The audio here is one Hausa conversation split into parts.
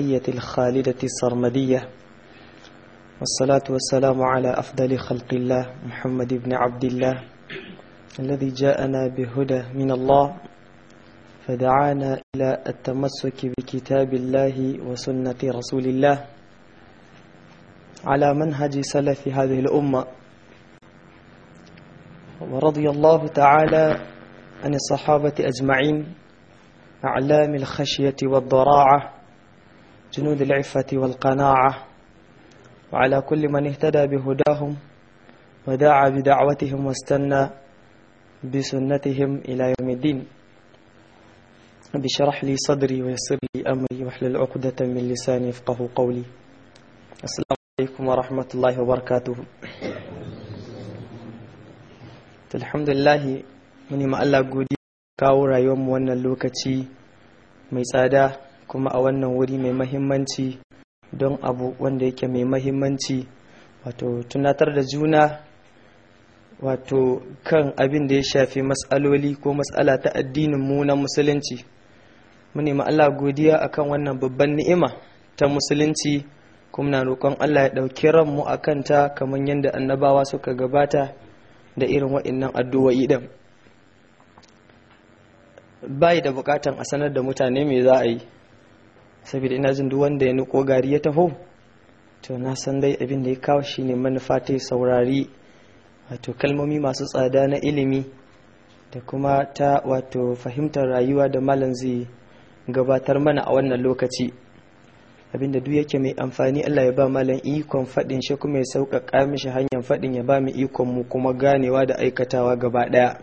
الشرقية الخالدة السرمدية والصلاة والسلام على أفضل خلق الله محمد بن عبد الله الذي جاءنا بهدى من الله فدعانا إلى التمسك بكتاب الله وسنة رسول الله على منهج سلف هذه الأمة ورضي الله تعالى عن الصحابة أجمعين أعلام الخشية والضراعة جنود العفة والقناعة وعلى كل من اهتدى بهداهم وداعى بدعوتهم واستنى بسنتهم إلى يوم الدين بشرح لي صدري ويسر لي أمري واحلل عقدة من لساني يفقه قولي السلام عليكم ورحمة الله وبركاته الحمد لله muni ma Allah godiya kawo rayuwarmu wannan lokaci mai tsada kuma a wannan wuri mai mahimmanci don abu wanda yake mai mahimmanci wato tunatar da juna wato kan abin da ya shafi matsaloli ko matsala ta addinin mu na musulunci mu nemi Allah godiya akan wannan babban ni'ima ta musulunci kuma na roƙon Allah ya ɗauki ranmu a kanta kamar yadda annabawa suka gabata da irin waɗannan addu'o'i ɗin bai da buƙatan a sanar da mutane me za a yi saboda ina jin duk wanda ya niko gari ya taho to na san dai abin da ya kawo shine manufa ta saurari wato kalmomi masu tsada na ilimi da kuma ta wato fahimtar rayuwa da malam zai gabatar mana a wannan lokaci abinda duk yake mai amfani Allah ya ba malam ikon faɗin shi kuma ya sauƙaƙa mishi hanyar faɗin ya ba mu ikon mu kuma ganewa da aikatawa gaba ɗaya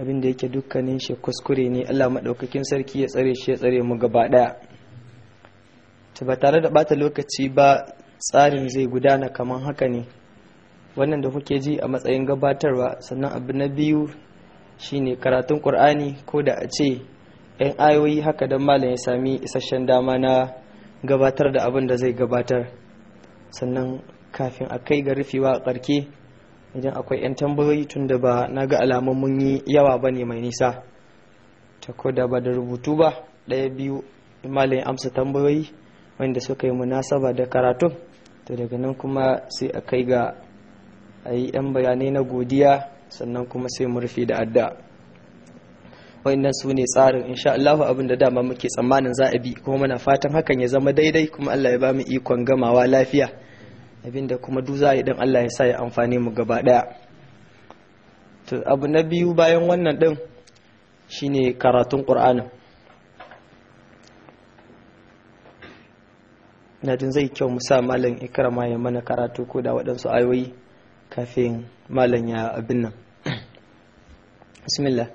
abinda yake dukkanin shi kuskure ne Allah maɗaukakin sarki ya tsare shi ya tsare mu gaba ɗaya ta ba tare da bata lokaci ba tsarin zai gudana kamar haka ne wannan da kuke ji a matsayin gabatarwa sannan abu na biyu shine karatun ƙur'ani ko da a ce yan ayoyi haka don malam ya sami isasshen dama na gabatar da abin da zai gabatar sannan kafin a kai ga rufewa a ƙarke idan akwai 'yan tambayoyi tun da ba na ga alamun mun yi yawa ba ne mai nisa ta ko da ba da rubutu ba ɗaya biyu malam amsa tambayoyi wanda suka yi munasaba da karatun to daga nan kuma sai a kai ga a yi 'yan bayanai na godiya sannan kuma sai mu rufe da adda wayannan su ne tsarin insha Allah abin da dama muke tsammanin za a bi kuma muna fatan hakan ya zama daidai kuma Allah ya ba mu ikon gamawa lafiya abinda kuma duk za a yi dan Allah ya sa ya amfane mu gaba daya to abu na biyu bayan wannan din shine karatun Qur'anin ina jin zai kyau mu sa malam ikrama ya mana karatu ko da waɗansu ayoyi kafin malam ya abin nan bismillah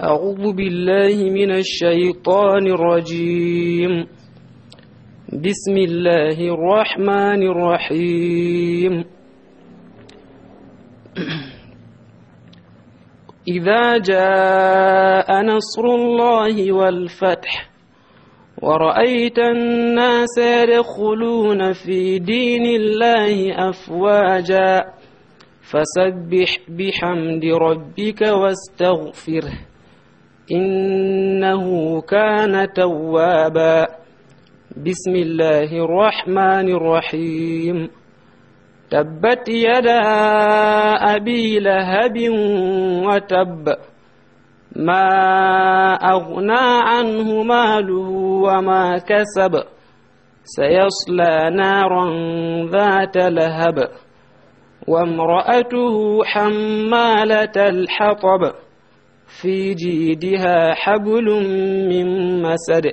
أعوذ بالله من الشيطان الرجيم بسم الله الرحمن الرحيم إذا جاء نصر الله والفتح ورأيت الناس يدخلون في دين الله أفواجا فسبح بحمد ربك واستغفره إنه كان توابا بسم الله الرحمن الرحيم تبت يدا أبي لهب وتب ما أغنى عنه ماله وما كسب سيصلى نارا ذات لهب وامرأته حمالة الحطب في جيدها حبل من مسد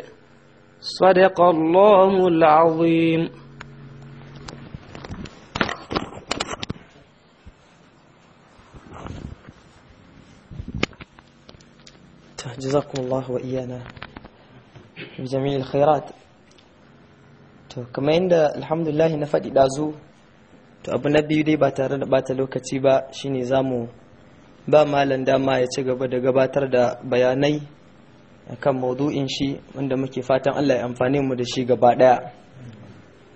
صدق الله العظيم جزاكم الله وإيانا بجميع الخيرات to kamar yadda alhamdulillah na faɗi ɗazu to abu na biyu dai ba tare da bata lokaci ba shine zamu ba malam dama ya ci gaba da gabatar da bayanai kan maudu'in shi wanda muke fatan Allah ya amfani mu da shi gaba daya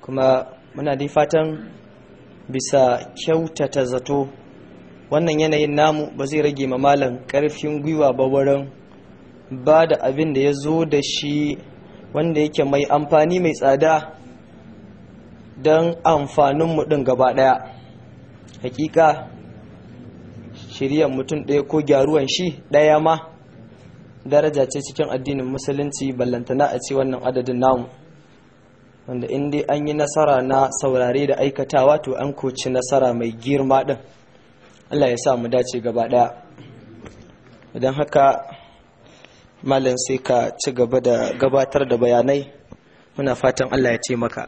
kuma muna dai fatan bisa kyautata zato wannan yanayin namu ba zai rage ma malam karfin gwiwa ba wurin ba da abin da ya zo da shi wanda yake mai amfani mai tsada don amfaninmu ɗin gaba ɗaya hakika shiriyar mutum ɗaya ko gyaruwan shi ɗaya ma daraja ce cikin addinin musulunci ballantana a ce wannan adadin namu wanda in dai an yi nasara na saurare da aikatawa to an koci nasara mai girma ɗin allah ya sa mu dace gaba ɗaya idan haka malam sai ka ci gaba da gabatar da bayanai muna fatan allah ya ce maka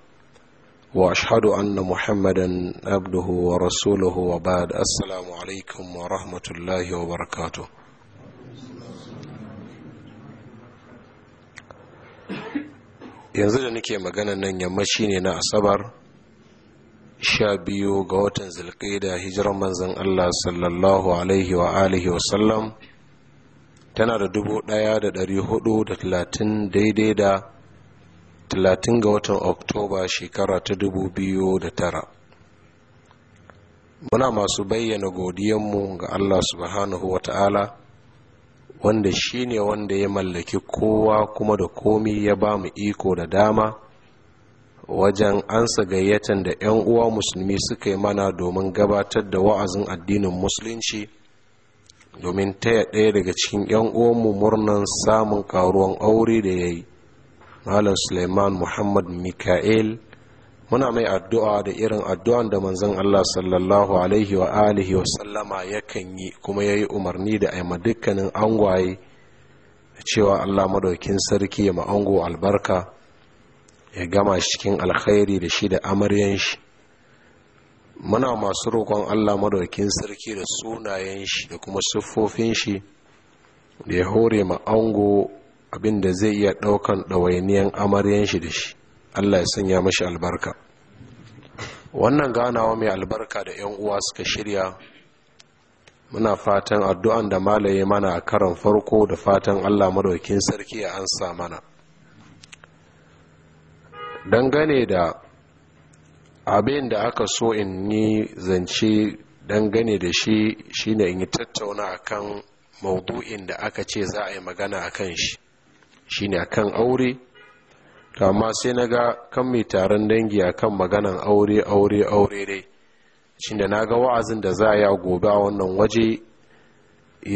wa rasuluhu محمدا عبده ورسوله وبعد السلام عليكم rahmatullahi الله وبركاته yanzu da nake magana nan yammaci ne na asabar sha biyu ga watan da hijiran manzan allah sallallahu alaihi wa alihi wasallam tana da dubu daya da dari hudu da talatin daidai da 30 ga watan oktoba shekara ta 2009 muna masu bayyana godiyanmu ga allah subhanahu wa ta'ala wanda shi ne wanda ya mallaki kowa kuma da komi ya ba mu iko da dama wajen ansa gayyatan da 'yan uwa musulmi suka yi mana domin gabatar da wa'azin addinin musulunci domin taya ɗaya daga cikin 'yan uwanmu murnan samun karuwan aure da ya yi malam suleiman muhammad mika'il muna mai addu'a da irin addu'an da manzon allah sallallahu alaihi wa alihi wa sallama yakan yi kuma ya yi umarni da aima dukkanin angwaye cewa allah madaukin sarki ya ma'ango albarka ya gama cikin alkhairi da shi da amaryan shi muna masu roƙon allah madaukin sarki da sunayen shi da kuma siffofin shi da ya hore ma ango abin da zai iya ɗaukan ɗawainiyan amaryan shi da shi allah ya sanya mashi albarka wannan ganawa mai albarka da 'yan uwa suka shirya muna fatan addu'an da malaye mana a karan farko da fatan allah madaukin sarki ya ansa mana dangane da abin da aka so in yi zance dangane da shi shine in yi tattauna akan maudu'in da aka ce za a yi magana a kan shi shi shine akan aure to amma sai na ga kan mai taron dangi akan maganan aure aure aure dai da na ga wa'azin da za a ya gobe a wannan waje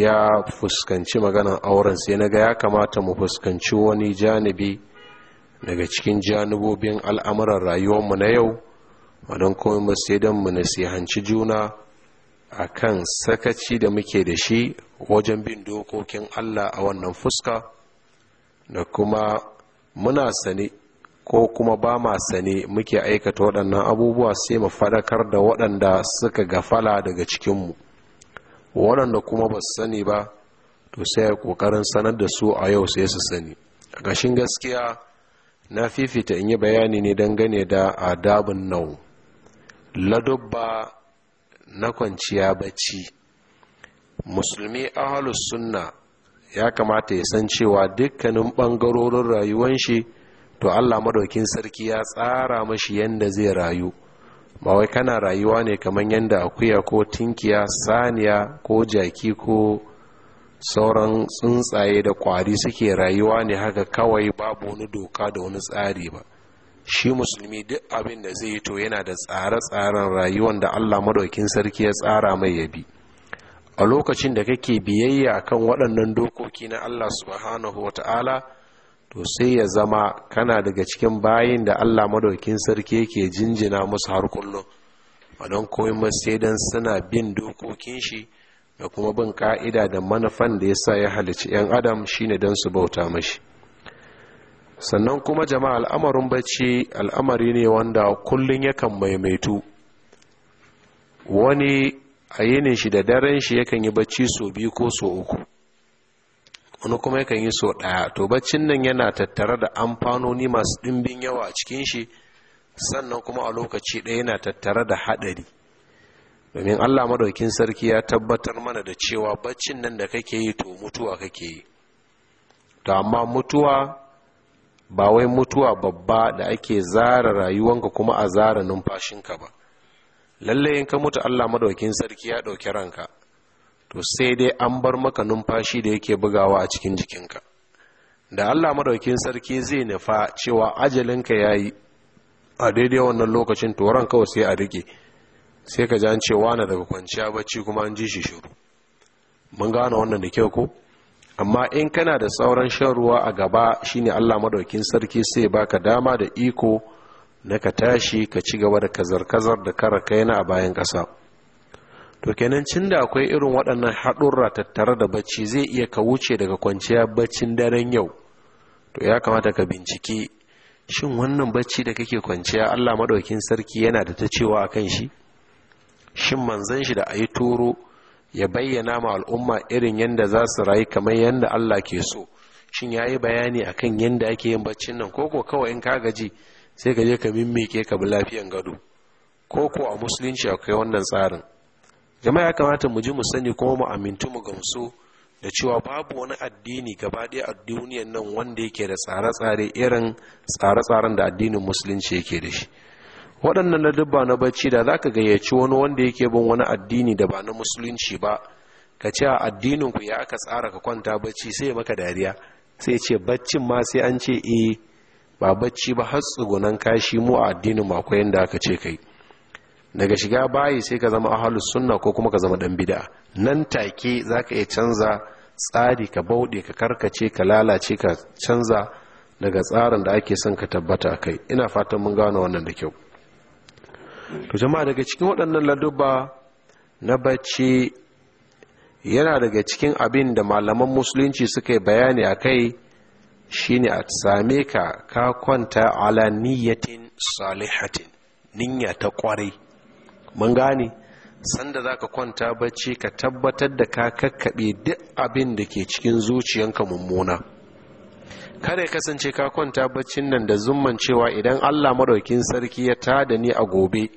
ya fuskanci maganan auren sai na ga ya kamata mu fuskanci wani janibi daga cikin janibobin al'amuran rayuwarmu na yau wadon kuma sai don mu nasihanci juna a kan sakaci da muke da shi wajen bin dokokin Allah a wannan fuska da kuma muna sane ko kuma ba ma sane muke aikata waɗannan abubuwa sai mu fadakar da waɗanda suka gafala daga cikinmu waɗanda kuma ba su sani ba to sai ƙoƙarin sanar da su a yau sai su sani a ƙashin gaskiya na fifita in yi bayani ne dangane da adabin nau ladubba na kwanciya bacci musulmi ahalus sunna ya kamata ya san cewa dukkanin ɓangarorin rayuwan shi to allah maɗaukin sarki ya tsara mashi yadda zai rayu ba wai kana rayuwa ne kamar yadda akuya ko tinkiya saniya ko jaki ko sauran tsuntsaye da kwari suke rayuwa ne haka kawai babu wani doka da wani tsari ba shi musulmi duk abin da zai yi to yana da tsare-tsaren rayuwan da allah maɗaukin sarki ya tsara mai yabi bi a lokacin da kake biyayya kan waɗannan dokoki na Allah subhanahu wa ta'ala to sai ya zama kana daga cikin bayin da Allah madaukin sarki yake jinjina musu har kullum a don koyi sai dan suna bin dokokin shi da kuma bin ka'ida da manufan da ya sa ya halici 'yan adam shine don su bauta mashi sannan kuma jama'a al'amarin bacci al'amari ne wanda kullum yakan maimaitu wani a yinin shi da daren shi yakan yi bacci so biyu ko so uku wani kuma yakan yi so ɗaya to baccin nan yana tattare da amfanoni masu ɗimbin yawa a cikin shi sannan kuma a lokaci ɗaya yana tattare da haɗari domin allah maɗaukin sarki ya tabbatar mana da cewa baccin nan da kake yi to mutuwa kake yi to amma mutuwa ba wai mutuwa babba da ake zara rayuwanka kuma a zara numfashinka ba lalle in ka mutu Allah madaukin sarki ya ɗauki ranka to sai dai an bar maka numfashi da yake bugawa a cikin jikinka da Allah madaukin sarki zai nufa cewa ajalinka yayi a daidai wannan lokacin to ran kawai sai a rike sai ka ji an ce wani daga kwanciya bacci kuma an ji shi shiru mun gano wannan da kyau ko amma in kana da sauran shan ruwa a gaba shine Allah madaukin sarki sai baka dama da iko na ka tashi ka ci gaba da kazar-kazar da kara kaina a bayan ƙasa to kenan cin da akwai irin waɗannan haɗurra tattare da bacci zai iya ka wuce daga kwanciya baccin daren yau to ya kamata ka binciki shin wannan bacci da kake kwanciya allah maɗaukin sarki yana da ta cewa a kan shi shin manzan shi da a yi turo ya bayyana ma al'umma irin yadda za su rayu kamar yadda allah ke so shin ya yi bayani akan yadda ake yin baccin nan koko kawai in ka gaji sai ka je ka mimmike ka bi lafiyan gado ko ko a musulunci akwai wannan tsarin jama'a ya kamata mu ji mu sani kuma mu amintu mu gamsu da cewa babu wani addini gaba ɗaya a duniyan nan wanda yake da tsare-tsare irin tsare-tsaren da addinin musulunci yake da shi waɗannan na dubba na bacci da zaka gayyaci wani wanda yake bin wani addini da ba na musulunci ba ka ce a addinin ku ya aka tsara ka kwanta bacci sai maka dariya sai ce baccin ma sai an ce eh ba bacci ba har tsugunan kashi mu a addinin ma akwai da aka ce kai daga shiga bayi sai ka zama ahalus sunna ko kuma ka zama dan bid'a nan take za ka iya canza tsari ka bauɗe ka karkace ka lalace ka canza daga tsarin da ake son ka tabbata kai ina fatan mun gano wannan da kyau to jama'a daga cikin waɗannan ladubba na bacci yana daga cikin abin da malaman musulunci suka yi bayani a kai shine a same ka ka kwanta ala niyyatin salihatin niyya ta kwarai mun gane sanda za ka kwanta bacci ka tabbatar da ka kakkaɓe duk abin da ke cikin zuciyanka mummuna Kare ya kasance ka kwanta baccin nan da zumman cewa idan Allah maɗaukin sarki ya da ni a gobe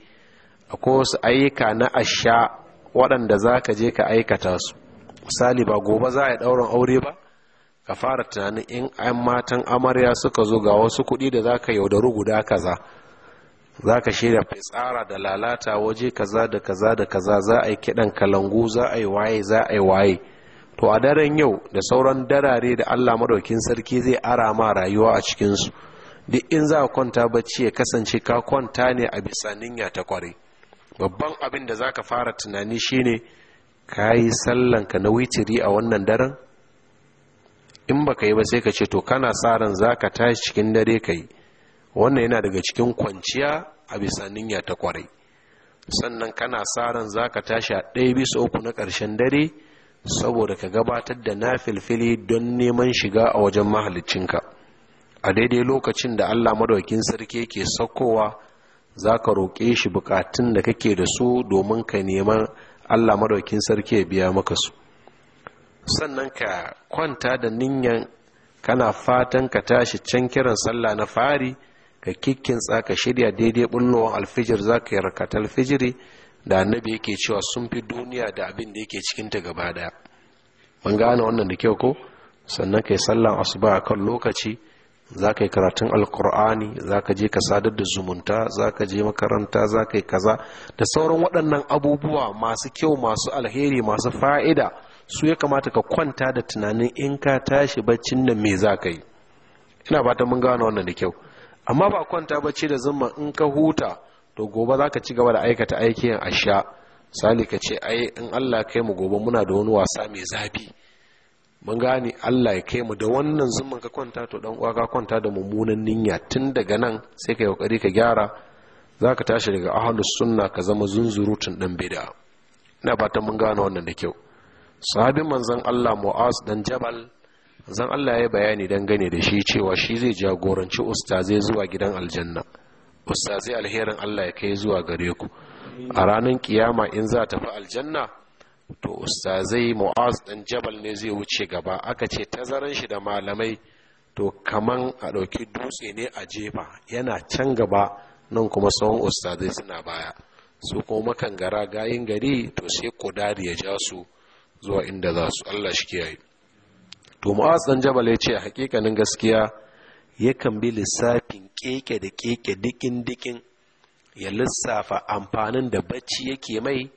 akwai wasu ayyuka na asha waɗanda za ka je ka aikata su misali ba gobe za a yi ɗaurin aure ba ka fara tunanin in an matan amarya suka zo ga wasu kuɗi da za ka yaudaru guda kaza za ka shirya fitsara da lalata waje kaza da kaza da kaza za a yi kiɗan kalangu za a yi waye za a yi waye to a daren yau da sauran darare da allah maɗaukin sarki zai ara ma rayuwa a cikinsu duk in za a kwanta bacci ya kasance ka kwanta ne a bisa ninya ta kware babban abin da za ka fara tunani shine ka yi ka na witiri a wannan daren in baka yi ba sai ka ce to kana tsarin za ka tashi cikin dare ka yi wannan yana daga cikin kwanciya a bisa niyya ta kwarai sannan kana tsarin za ka tashi a ɗaya bisa uku na ƙarshen dare saboda ka gabatar da na filfili don neman shiga a wajen mahalicinka a daidai lokacin da allah madaukin sarki ke saukowa za ka roƙe shi bukatun da kake da su domin ka neman allah madaukin sarki ya biya maka su sannan ka kwanta da ninyan kana fatan ka tashi can kiran sallah na fari ka kikkin ka shirya daidai bullowar alfijir za ka yi rakat alfijiri da annabi yake cewa sun fi duniya da abin da yake cikinta gaba daya mun gane wannan da kyau ko sannan ka yi sallan asuba a kan lokaci za ka yi karatun alkur'ani za ka je ka sadar da zumunta za ka je makaranta za ka yi kaza da sauran waɗannan abubuwa masu kyau masu alheri masu fa'ida su ya kamata ka kwanta da tunanin in ka tashi baccin nan me za ka yi ina ba ta mun gano wannan da kyau amma ba kwanta bacci da zumma in ka huta to gobe za ka ci gaba da aikata aikin asha sali ka ce ai in allah kai mu gobe muna da wani wasa mai zafi mun gane allah ya kai mu da wannan zumman ka kwanta to dan uwa ka kwanta da mummunan niyya tun daga nan sai ka yi kokari ka gyara za ka tashi daga ahalus sunna ka zama zunzurutun dan bid'a ina ba ta mun gano wannan da kyau sahabin manzon Allah Mu'az dan Jabal zan Allah ya bayani dan dangane da shi cewa shi zai jagoranci ustazai zuwa gidan aljanna ustazai alherin Allah ya kai zuwa gare ku a ranar kiyama in za ta fi aljanna to ustazai Mu'az dan Jabal ne zai wuce gaba aka ce tazaran shi da malamai to kaman a ɗauki dutse ne a jefa yana can gaba nan kuma tsawon ustazai suna baya su kuma kan gara gayin gari to sai kudari ya ja su zuwa inda za su Allah shi kiyaye to mu'az dan jabal yace ce a hakikanin gaskiya yakan bi lissafin keke da keke dikin dikin ya lissafa amfanin da bacci yake mai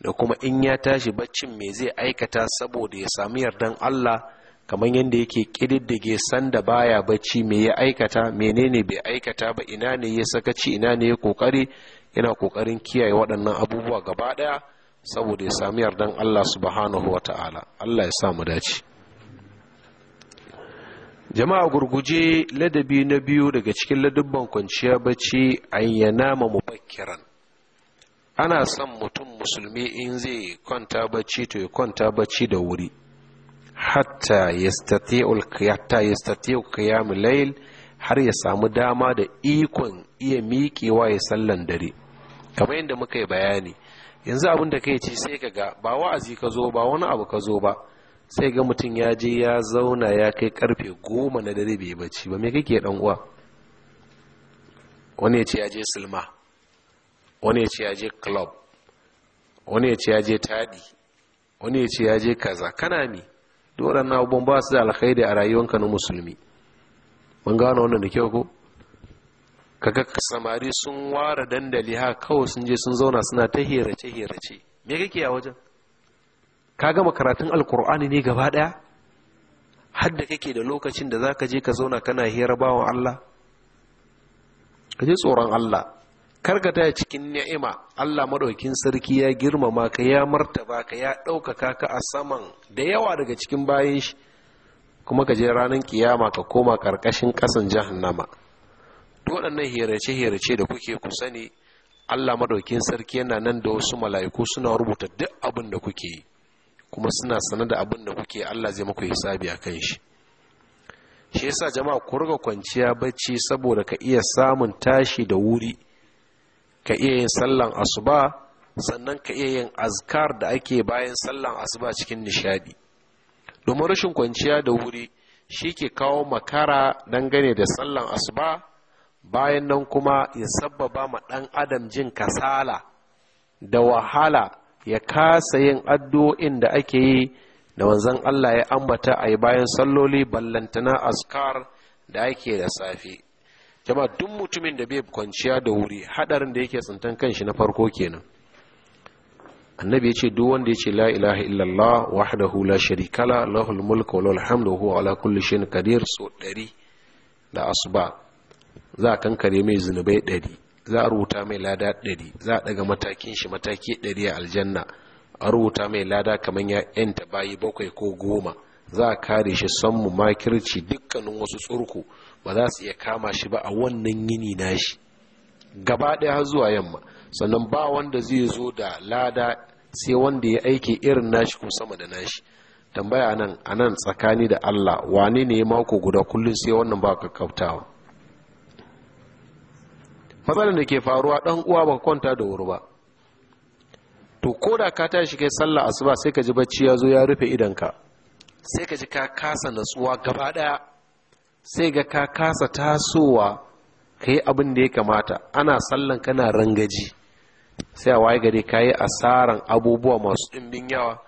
da kuma in ya tashi baccin me zai aikata saboda ya samu yardan Allah kamar yadda yake kididdige sanda baya bacci me ya aikata menene bai aikata ba ina ne ya sakaci ina ne ya kokari yana kokarin kiyaye waɗannan abubuwa gaba ɗaya saboda ya sami yardan Allah subhanahu wa ta'ala Allah ya samu dace jama'a gurguje ladabi na biyu daga cikin ladubban kwanciya bacci ayyana ma mubakkiran ana son mutum musulmi in zai kwanta bacci to ya kwanta bacci da wuri hatta yastati'ul hatta yastati'u qiyamul layl har ya samu dama da ikon iya miƙewa ya sallan dare kamar yadda muka yi bayani yanzu abin da kai ce sai ka ga ba wa'azi ka zo ba wani abu ka zo ba sai ga mutum ya je ya zauna ya kai karfe goma na dare bai bacci ba me kake dan uwa wani ya ce ya je silma wani ya ce ya je club wani ya ce ya je tadi wani ya ce ya je kaza kana mi duk waɗannan abubuwan ba su da alkhairi a rayuwanka na musulmi mun gano wannan da kyau ko kaga samari sun ware dandali ha kawai sun je sun zauna suna ta herace herace me kake a wajen ka gama karatun alkur'ani ne gaba daya har da kake da lokacin da zaka je ka zauna kana hira bawan Allah ka je tsoron Allah karkata cikin ni'ima Allah madaukin sarki ya girmama ka ya martaba ka ya ɗaukaka ka a saman da yawa daga cikin bayan shi kuma ka je ranar kiyama ka koma karkashin ƙasan jahannama duk waɗannan hirace-hirace da kuke ku sani Allah maɗaukin sarki yana nan da wasu mala'iku suna rubuta duk abin da kuke yi kuma suna sanar da abin da kuke Allah zai yi hisabi a kan shi shi yasa jama'a ku riga kwanciya bacci saboda ka iya samun tashi da wuri ka iya yin sallan asuba sannan ka iya yin azkar da ake bayan sallan asuba cikin nishadi domin rashin kwanciya da wuri shi ke kawo makara dangane da sallan asuba bayan nan kuma ya sabbaba ma ɗan adam jin kasala da wahala ya kasa yin addu'o'in da ake yi da wanzan Allah ya ambata a yi bayan salloli ballantana askar da ake da safe jama duk mutumin da bai kwanciya da wuri hadarin da yake tsintan kanshi na farko kenan annabi ya ce duk wanda ya ce la ilaha illallah wahdahu la sharika la lahul mulku wa lahul hamdu huwa ala kulli shay'in qadir so 100 da asuba za a kankare mai zunubai ɗari za a rubuta mai lada ɗari za a ɗaga matakin shi mataki ɗari a aljanna a rubuta mai lada kamar ya yanta bayi bakwai ko goma za a kare shi mu makirci dukkanin wasu tsurku ba za su iya kama shi ba a wannan yini nashi gaba ɗaya har zuwa yamma sannan ba wanda zai zo da lada sai wanda ya aiki irin nashi ko sama da nashi tambaya nan a nan tsakani da allah wane ne ya mako guda kullum sai wannan ba ka kakkautawa matsalar da ke faruwa dan uwa ba kwanta da wuri ba to ko da ka tashi kai sallah asuba sai ka ji bacci ya zo ya rufe idanka sai ka ji ka kasa natsuwa gaba daya sai ga ka kasa tasowa ka yi abin da ya kamata ana sallan kana rangaji sai a waye gari ka yi asaran abubuwa masu ɗimbin yawa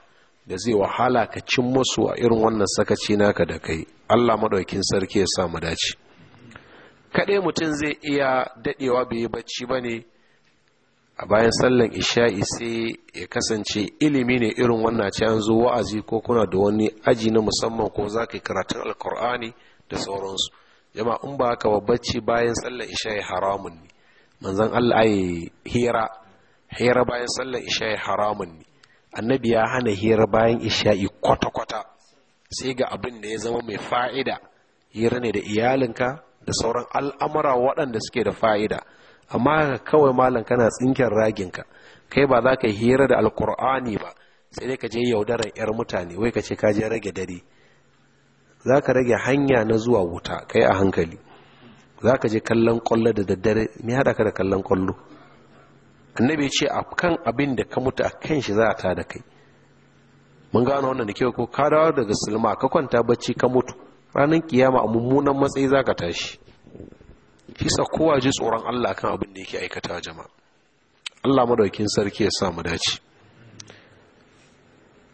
da zai wahala ka cin musu a irin wannan sakaci naka da kai allah maɗaukin sarki ya samu mu dace kaɗai mutum zai iya daɗewa bai yi bacci ba ne a bayan sallan isha'i sai ya kasance ilimi ne irin wannan ce an zo wa'azi ko kuna da wani aji na musamman ko za ka yi karatun alkur'ani da sauransu jama'a in ba haka ba bacci bayan sallan isha'i haramun ne manzon Allah ai hira hira bayan sallan isha'i haramun ne annabi ya hana hira bayan isha'i kwata-kwata sai ga abin da ya zama mai fa'ida hira ne da iyalinka da sauran al'amura waɗanda suke da fa'ida amma kawai malam kana tsinken raginka kai ba za ka hira da alkur'ani ba sai dai ka je yaudarar 'yar mutane wai ka ce ka je rage dare za ka rage hanya na zuwa wuta kai a hankali za ka je kallon kwallo da daddare me haɗa ka da kallon kwallo annabi ce a kan abin da ka mutu a kan shi za a ta da kai mun gano wannan da kyau ko ka dawo daga silma ka kwanta bacci ka mutu ranar kiyama a mummunan matsayi za ka tashi fisa kowa ji tsoron allah kan abin da yake aikata jama'a allah madaukin sarki ya sa mu dace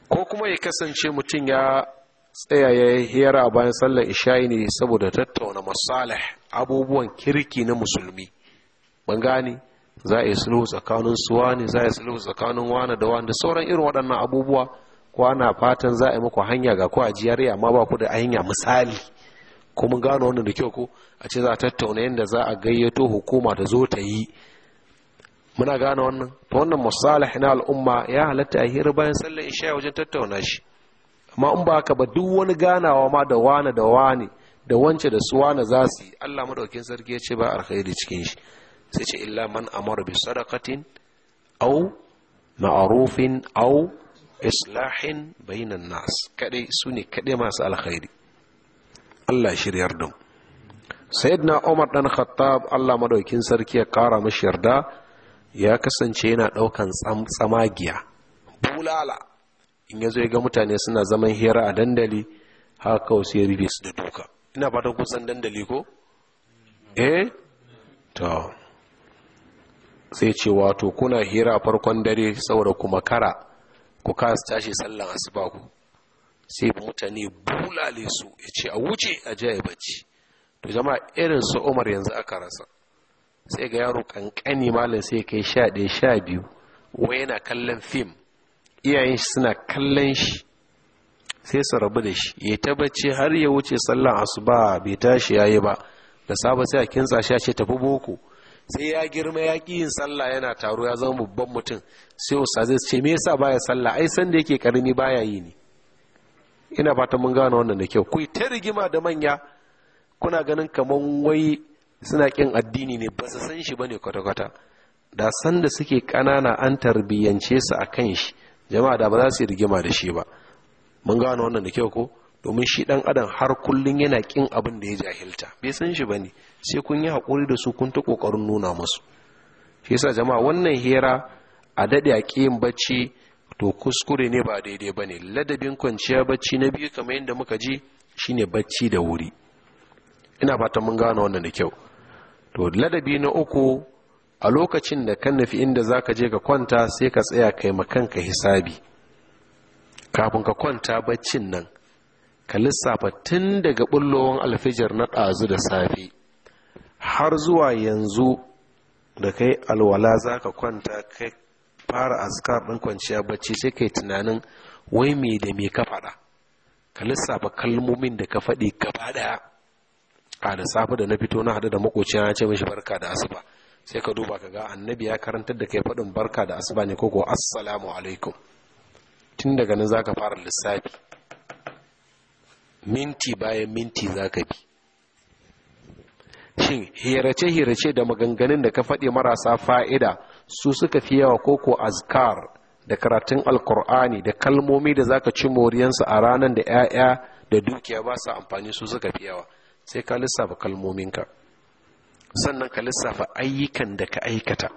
ko kuma ya kasance mutum ya tsaya ya hera bayan sallar isha'i ne saboda tattauna masala abubuwan kirki na musulmi ban gane za a yi sulhu tsakanin suwa ne za a yi sulhu tsakanin wane da wane da sauran irin waɗannan abubuwa ko ana fatan za a yi muku hanya ga ko jiyar amma ba ku da hanya misali ko mun gano wannan da kyau ko a ce za a tattauna yadda za a gayyato hukuma da zo ta yi muna gano wannan ta wannan musalih na al'umma ya halatta a hira bayan sallar isha wajen tattauna shi amma in ba haka ba duk wani ganawa ma da wane da wane da wance da su wane za su yi Allah madaukin sarki ya ce ba alkhairi cikin shi sai ce illa man amara bi sadaqatin au ma'rufin aw islahin bainan nas kadai su ne kadai masu alkhairi Allah shiryar da sayyidina Umar dan Khattab Allah madaukin sarki ya kara mashi yarda ya kasance yana daukan tsamagiya bulala in yazo ya ga mutane suna zaman hira a dandali haka wasu ya rufe su da duka ina fatan kun san dandali ko eh to sai ce wato kuna hira farkon dare saboda kuma kara ku kasa tashi sallan asuba ku sai mutane bulale su ya ce a wuce a jiya bacci to jama'a irin su umar yanzu aka rasa sai ga yaro kankani malam sai kai sha ɗaya sha biyu wai yana kallon fim iyayen shi suna kallon shi sai su rabu da shi ya ta har ya wuce sallan asuba bai tashi ya yi ba da saba sai a kintsa shi ya ce tafi boko sai ya girma ya ƙi yin sallah yana taro ya zama babban mutum sai ustazai zai ce me yasa baya sallah ai sanda yake karami baya yi ne ina fata mun gane wannan da kyau ku ta rigima da manya kuna ganin kamar wai suna kin addini ne ba su san shi bane kwata-kwata da sanda suke ƙanana an tarbiyyance su a kan shi jama'a da ba za su yi rigima da shi ba mun gane wannan da kyau ko domin shi dan adam har kullum yana kin abin da ya jahilta bai san shi bane sai kun yi haƙuri da su kun ta ƙoƙarin nuna musu shi yasa jama'a wannan hira a daɗe a ƙiyin bacci to kuskure ne ba daidai ba ne ladabin kwanciya bacci na biyu kamar yadda muka ji shine bacci da wuri ina fata mun gane wannan da kyau to ladabi na uku a lokacin da kan nufi inda za ka je ka kwanta sai ka tsaya kai ka hisabi kafin ka kwanta baccin nan ka lissafa tun daga bullowar alfijar na ɗazu da safe har zuwa yanzu da kai alwala za ka kwanta kai fara askar ɗin kwanciya bacci sai kai tunanin wai me da me ka faɗa ka lissafa kalmomin da ka faɗi gaba ɗaya a da safe da na fito na haɗu da makocina na ce mishi barka da asuba sai ka duba ka ga annabi ya karantar da kai faɗin barka da asuba ne ko koko assalamu alaikum tun daga nan za ka fara lissafi minti bayan minti za ka bi shin hirace-hirace da maganganun da ka faɗi marasa fa'ida su suka fi yawa koko azkar da karatun alkur'ani da kalmomi da zaka ci moriyansu a ranar da 'ya'ya da dukiya ba su amfani su suka fi yawa sai ka lissafa kalmominka sannan ka lissafa ayyukan da ka aikata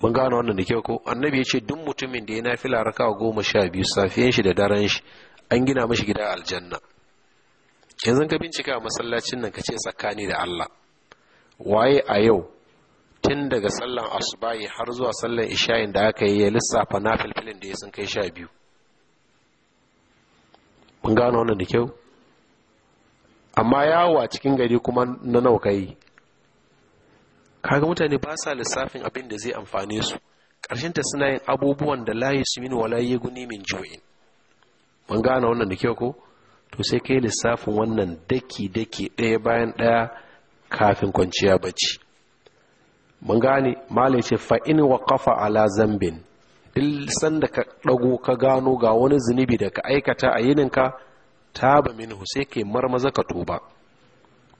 mun gano wannan da kyau ko annabi ya ce duk mutumin da ya nafi rakawa goma sha biyu safiyan shi da daren shi an gina mashi gida aljanna yanzu ka bincika a masallacin nan ka ce tsakani da Allah waye a yau tun daga sallan asubahi har zuwa sallan isha'in da aka yi ya lissafa na filfilin da ya sun kai sha biyu mun gano wannan da kyau amma yawo a cikin gari kuma na nawa yi kaga mutane ba sa lissafin abin da zai amfane su ta suna yin abubuwan da layi su min wala yi guni min ju'in mun gano wannan da kyau ko to sai kai lissafin wannan daki-daki ɗaya bayan ɗaya kafin kwanciya bacci mun gane malai ce fa'in wa kafa ala zambin duk sanda ka ɗago ka gano ga wani zunubi da ka aikata a yininka ba min sai kai marmaza ka tuba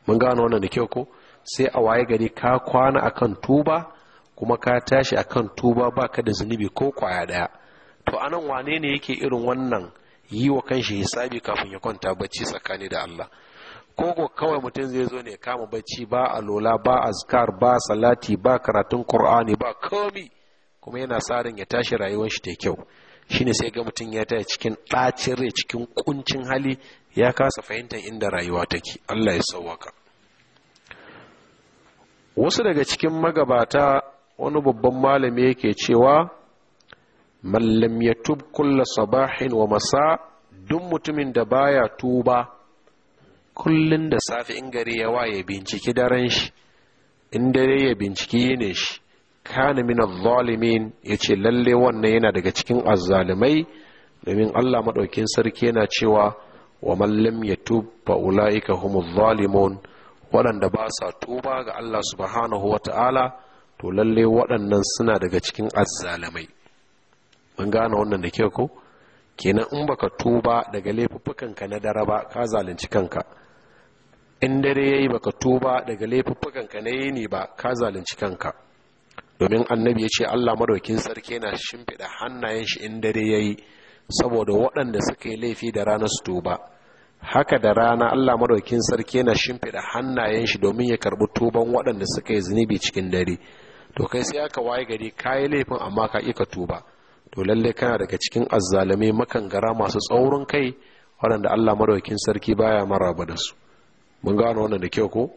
mun gano wannan da kyau ko sai a waye gari ka kwana akan tuba kuma ka tashi akan tuba baka da zunubi ko kwaya ɗaya to anan wane ne yake irin wannan yi wa kanshi hisabi kafin ya kwanta bacci tsakani da Allah ko kawai mutum zai zo ne kama bacci ba lola ba zikar ba salati ba karatun qur'ani ba komi kuma yana tsarin ya tashi rayuwar shi ta kyau shine sai ga mutum ya taya cikin ɗacin rai cikin kuncin hali ya kasa fahimtar inda rayuwa take Allah ya sauwaka wasu daga cikin magabata wani babban malami yake cewa mallam ya tub kulla sabahin wa masa duk mutumin da baya tuba kullum da safe in gari ya waye binciki daren shi in dare ya binciki yinin shi kana min adh-dhalimin yace lalle wannan yana daga cikin azzalimai domin Allah madaukin sarki yana cewa wa man lam yatub fa ulaika humu zalimun waɗanda ba sa tuba ga Allah subhanahu wata'ala to lalle waɗannan suna daga cikin azzalimai an gane wannan da kyau ko kenan in baka tuba daga laifuffukanka na dare ba ka zalunci kanka in dare yayi baka tuba daga laifuffukanka na yini ba ka zalunci kanka domin annabi ya ce Allah madaukin sarki yana shimfida hannayen shi in dare yayi saboda waɗanda suka yi laifi da rana su tuba haka da rana Allah madaukin sarki yana shimfida hannayen shi domin ya karbi tuban waɗanda suka yi zunubi cikin dare to kai sai aka waye gari kayi laifin amma ka ika ka tuba to lalle kana daga cikin makan gara masu tsaurin kai waɗanda Allah maraukin sarki baya maraba da su mun gano wannan da kyau ko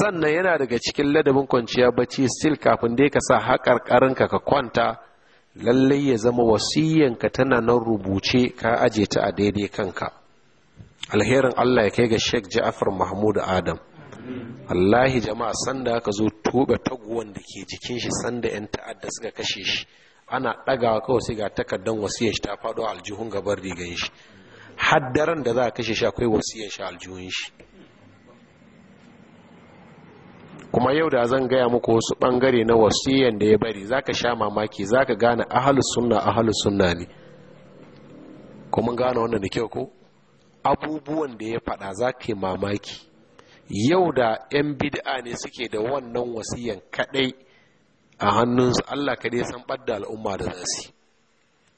sannan yana daga cikin ladabin kwanciya bacci still kafin dai ka sa haƙarƙarinka ka kwanta lallai ya zama ka tana nan rubuce ka aje ta a daidai kanka alherin Allah ya kai ga Sheikh Ja'far Mahmud Adam wallahi jama'a sanda aka zo tobe taguwan da ke jikin shi sanda yan ta'adda suka kashe shi ana ɗagawa kawai sai ga takardar wasiyar shi ta faɗo aljihun gabar rigan shi haddaran da za a kashe shi akwai wasiyar shi aljihun shi kuma yau da zan gaya muku wasu bangare na wasiyan da ya bari za ka sha mamaki za ka gane ahalus sunna ahalus sunna ne kuma gane wannan da kyau ko abubuwan da ya faɗa za ka yi mamaki yau da 'yan bid'a ne suke da wannan wasiyan kadai a hannunsu Allah kadai san ɓadda al'umma da zasi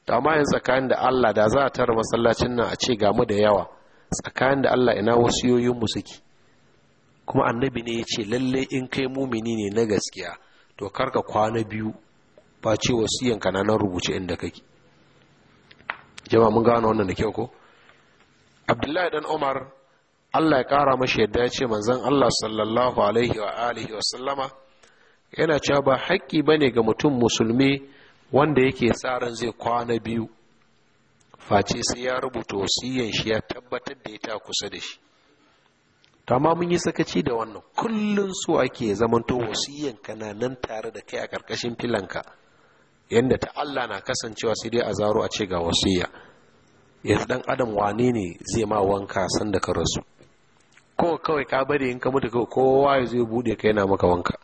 ta ma yin tsakanin da Allah da za a tara masallacin nan a ce ga mu da yawa tsakanin da Allah ina wasiyoyinmu suke kuma annabi ne ya ce lalle in kai mumini ne na gaskiya to karka kwana biyu ba ce ka na nan rubuce inda kake jama'a mun gano wannan da kyau ko abdullahi dan umar Allah ya kara mashi yadda ya ce manzon Allah sallallahu alaihi wa alihi wa sallama yana cewa ba haƙƙi bane ga mutum musulmi wanda yake tsarin zai kwana biyu face sai ya rubuta wasiyyan shi ya tabbatar da ita kusa da shi amma mun yi sakaci da wannan kullun so ake zamanto wasiyyan kana nan tare da kai a ƙarƙashin filanka yadda ta Allah na kasancewa sai dai a zaro a ce ga wasiyya yanzu dan adam wane ne zai ma wanka sanda ka rasu kowa kawai ka bari in ka mutu kawai kowa ya zai bude ka yana maka wanka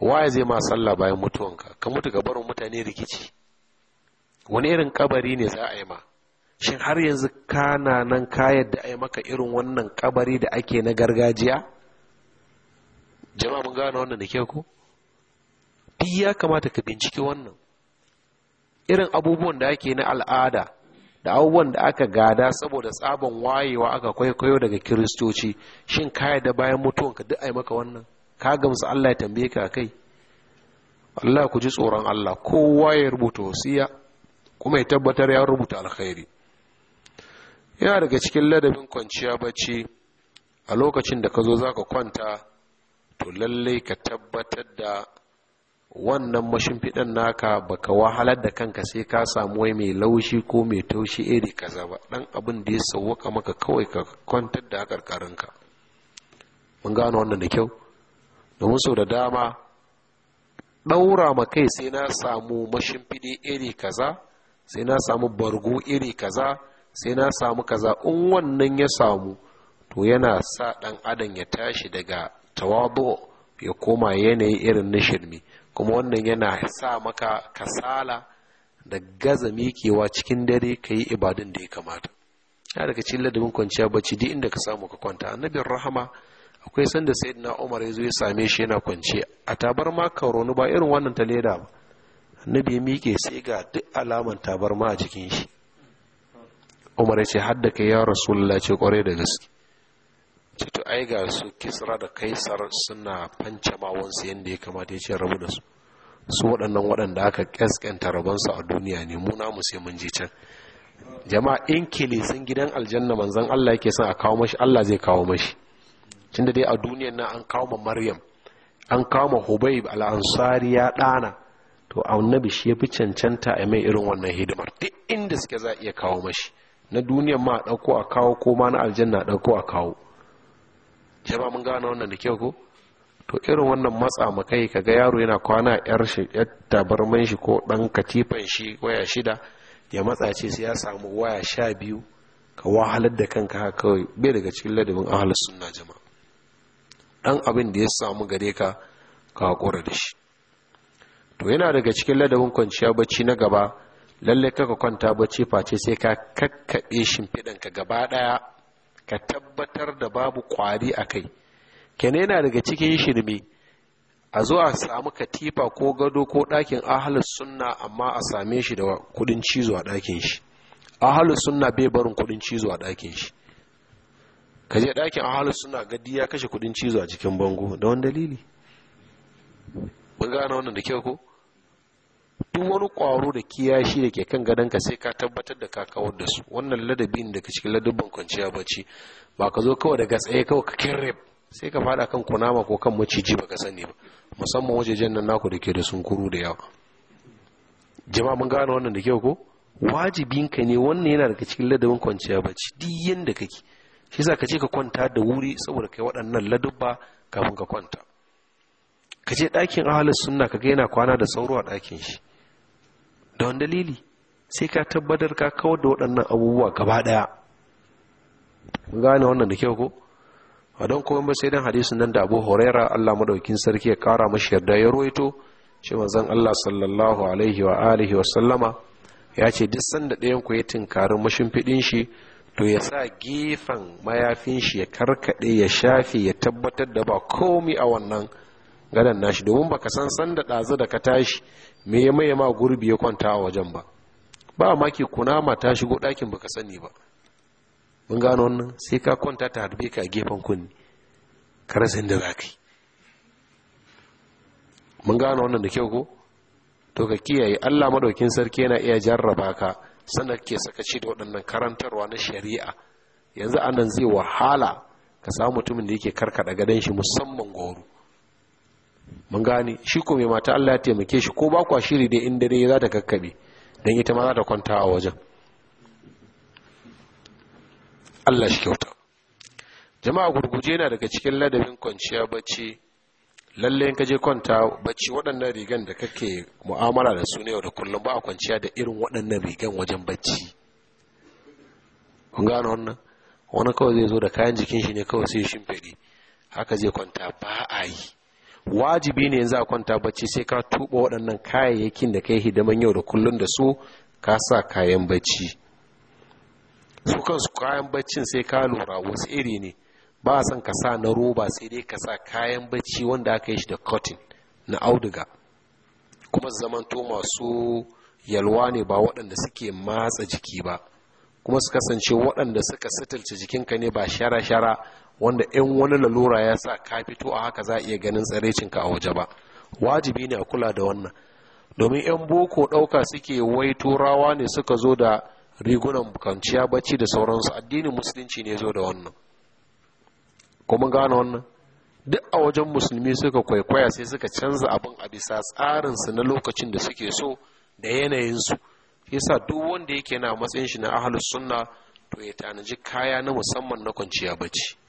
waye zai ma sallah bayan mutuwanka ka mutu ga barin mutane rikici wani irin kabari ne za a yi ma shin har yanzu kana nan kayan da a yi maka irin wannan kabari da ake na gargajiya jama'a mun gane wannan da ke ku duk ya kamata ka binciki wannan irin abubuwan da ake na al'ada da abubuwan da aka gada saboda tsabon wayewa aka kwaikwayo daga kiristoci shin ka da bayan mutuwanka duk ai maka wannan ka gamsu Allah ya tambaye ka kai Allah ku ji tsoron Allah kowa ya rubuta wasiya kuma ya tabbatar ya rubuta alkhairi yana daga cikin ladabin kwanciya bacci a lokacin da ka zo za ka kwanta to lallai ka tabbatar da wannan mashimfiɗin naka baka wahalar da kanka sai ka samu wai mai laushi ko mai taushi iri kaza ba ɗan abin da ya sauwaka maka kawai ka kwantar da karkarinka mun gano wannan da kyau domin sau da dama ɗaura ma kai sai na samu mashimfiɗi iri kaza sai na samu bargo iri kaza sai na samu kaza in wannan ya samu to yana sa ɗan adam ya tashi daga tawabo ya koma yanayi irin na shirme kuma wannan yana sa maka kasala da gaza mikewa cikin dare ka yi ibadun da ya kamata ya daga cikin ladabin kwanciya bacci duk inda ka samu ka kwanta annabin rahama akwai sanda na umar ya zo ya same shi yana kwanci a tabar ma kauroni ba irin wannan ta leda ba annabi ya mike sai ga duk alaman tabar ma a jikin shi umar ya ce hadda ka ya rasulullah ce kwarai da gaske ce ai ga su kisra da kaisar suna fancamawansu yadda ya kamata ya ce rabu da su su waɗannan waɗanda aka ƙasƙanta rabonsu a duniya ne mu musu sai mun je can jama'a in kilisin gidan aljanna manzon Allah yake son a kawo mashi Allah zai kawo mashi da dai a duniyan na an kawo ma Maryam an kawo ma Hubayb al ya ɗana to annabi shi ya fi cancanta a mai irin wannan hidimar duk inda suke za iya kawo mashi na duniyan ma a ɗauko a kawo ko ma na aljanna a ɗauko a kawo jama mun gane wannan da kyau ko to irin wannan matsa mu kai kaga yaro yana kwana yar shi yar tabarman shi ko dan katifan shi waya shida ya matsa ce sai ya samu waya sha biyu ka wahalar da kanka haka kawai bai daga cikin ladabin ahlus sunna jama'a dan abin da ya samu gare ka ka hakura da shi to yana daga cikin ladabin kwanciya bacci na gaba lalle kaka kwanta bacci face sai ka kakkaɓe ka gaba ɗaya ka tabbatar da babu kwari a kai kene yana daga cikin shirme a zo a samu katifa ko gado ko ɗakin ahalus sunna amma a same shi da kudin cizo a ɗakin shi ahalus sunna bai barin kudin cizo a ɗakin shi ka je ɗakin ahalus sunna gadi ya kashe kudin cizo a cikin bango da wani dalili mun gane wannan da kyau ko duk wani kwaro da kiyashi da ke kan gadonka sai ka tabbatar da ka kawar da su wannan ladabin da ka cikin ladabin kwanciya bacci ba ka zo kawai daga tsaye kawai ka kirrib sai ka fada kan kunama ko kan maciji ba ka sani ba musamman wajejen nan naku da ke da sunkuru da yawa jama'a mun gane wannan da kyau ko ka ne wannan yana daga cikin ladabin kwanciya bacci duk yanda kake shi ka ce ka kwanta da wuri saboda kai waɗannan ladabba kafin ka kwanta ka je ɗakin ahalar sunna ka ga yana kwana da sauro a ɗakin shi da wani dalili sai ka tabbatar ka kawar da waɗannan abubuwa gaba ɗaya gane wannan da kyau ko a don kuma ba sai don hadisin nan da abu horaira allah madaukin sarki ya kara mashi yarda ya roito shi manzon allah sallallahu alaihi wa alihi wa sallama ya ce duk sanda ɗayan ku ya tinkarin mashimfiɗin shi to ya sa gefen mayafin shi ya karkaɗe ya shafe ya tabbatar da ba komi a wannan gadon nashi domin baka san sanda ɗazu da ka tashi me ya maye ma gurbi ya kwanta a wajen ba ba maki kunama ta shigo ɗakin baka sani ba mun gano wannan sai ka kwanta ta harbe ka a gefen kunni ka rasa da za ka yi mun gano wannan da kyau ko to ka kiyaye Allah madaukin sarki yana iya jarraba ka sanda ke sakaci da waɗannan karantarwa na shari'a yanzu anan zai wahala ka samu mutumin da yake karkada gadon shi musamman goro mun gane shi ko mai mata Allah ya taimake shi ko ba kwa shiri dai in dare za ta kakkabe dan ita ma za ta kwanta a wajen Allah shi kyauta jama'a gurguje yana daga cikin ladabin kwanciya bacci lalle in ka je kwanta bacci waɗannan rigan da kake mu'amala da su ne yau da kullum ba a kwanciya da irin waɗannan rigan wajen bacci kun gane wannan wani kawai zai zo da kayan jikin shi ne kawai sai shimfiɗi haka zai kwanta ba a yi wajibi ne za a kwanta bacci sai ka tuba waɗannan kayayyakin da ka yi hidiman yau da kullum da su ka sa kayan bacci su kansu kayan baccin sai ka lura wasu iri ne ba a son ka sa na roba sai dai ka sa kayan bacci wanda aka yi shi da cotton na auduga kuma to masu yalwa ne ba waɗanda suke matsa jiki ba kuma su kasance waɗanda suka sitilce jikinka ne ba shara-shara wanda yan wani lalura ya sa ka fito a haka za a iya ganin tsarecinka a waje ba wajibi ne a kula da wannan domin 'yan boko ɗauka suke wai turawa ne suka zo da rigunan kwanciya bacci da sauransu addinin musulunci ne zo da wannan kuma gane wannan duk a wajen musulmi suka kwaikwaya sai suka canza abin a bisa tsarinsu na lokacin da suke so da yanayinsu yasa duk wanda yake na matsayin shi na ahalus sunna to ya tanaji kaya na musamman na kwanciya bacci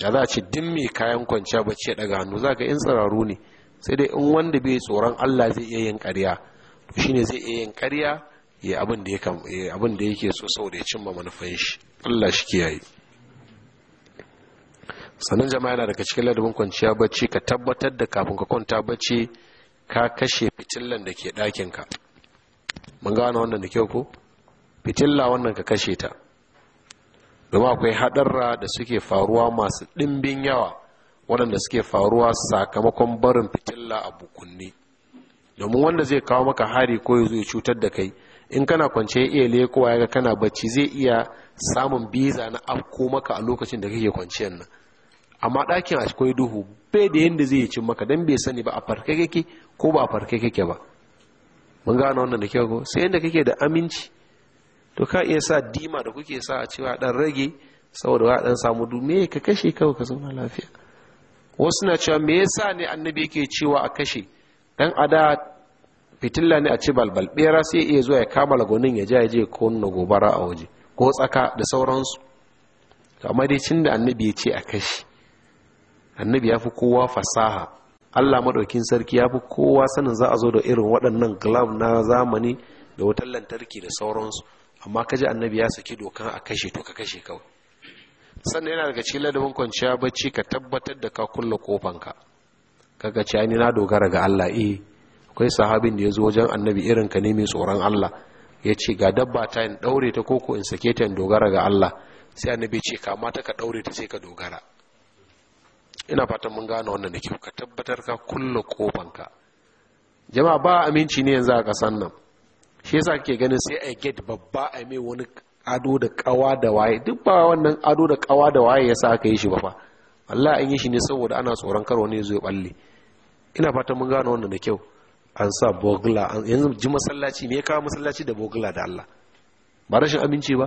da za a ce din mai kayan kwanciya bacci ce daga hannu za ka in tsiraru ne sai dai in wanda bai tsoron Allah zai iya yin kariya to shi ne zai iya yin karya ya abin da yake sau da so saboda ya cimma manufan shi Allah shi kiyaye sannan jama'a yana daga cikin ladabin kwanciya bacci ka tabbatar da kafin ka kwanta bacci ka kashe fitillan da ke ɗakin ka mun gane wannan da kyau ko fitilla wannan ka kashe ta domin akwai hadarra da suke faruwa masu ɗimbin yawa waɗanda suke faruwa sakamakon barin fitilla a bukunni domin wanda zai kawo maka hari ko ya ya cutar da kai in kana kwance iya lekowa ya kana bacci zai iya samun biza na afko maka a lokacin da kake kwanciyar nan amma ɗakin a cikin duhu bai da yadda zai cin maka don bai sani ba a farke kake ko ba a farke kake ba mun gano wannan da kyau sai yadda kake da aminci to ka iya sa dima da kuke sa a cewa dan rage saboda wa dan samu dume ka kashe kawai ka zauna lafiya wasu na cewa me yasa ne annabi yake cewa a kashe dan ada fitilla ne a ci balbal bera sai iya zuwa ya kama lagonin ya ja ya je ko na gobara a waje ko tsaka da sauransu amma dai cin da annabi ya ce a kashe annabi ya fi kowa fasaha allah maɗaukin sarki ya fi kowa sanin za a zo da irin waɗannan glove na zamani da wutar lantarki da sauransu amma kaji annabi ya saki dokan a kashe to ka kashe kawai sannan yana daga cikin ladabin kwanciya bacci ka tabbatar da ka kulle kofanka kaga cewa ni na dogara ga Allah eh akwai sahabin da ya zo wajen annabi irin ka ne mai tsoron Allah ya ce ga dabba ta in daure ta koko in sake ta in dogara ga Allah sai annabi ce kama ta ka daure ta sai ka dogara ina fatan mun gane wannan da kyau ka tabbatar ka kulle kofanka jama'a ba aminci ne yanzu a kasan nan shi yasa kake ganin sai a get babba a mai wani ado da kawa da waye duk ba wannan ado da kawa da waye yasa aka yi shi ba fa wallahi an yi shi ne saboda ana tsoron karo ne zai balle ina fata mun gano wannan da kyau an sa bogla yanzu ji masallaci me ya kawo masallaci da bogla da Allah ba rashin aminci ba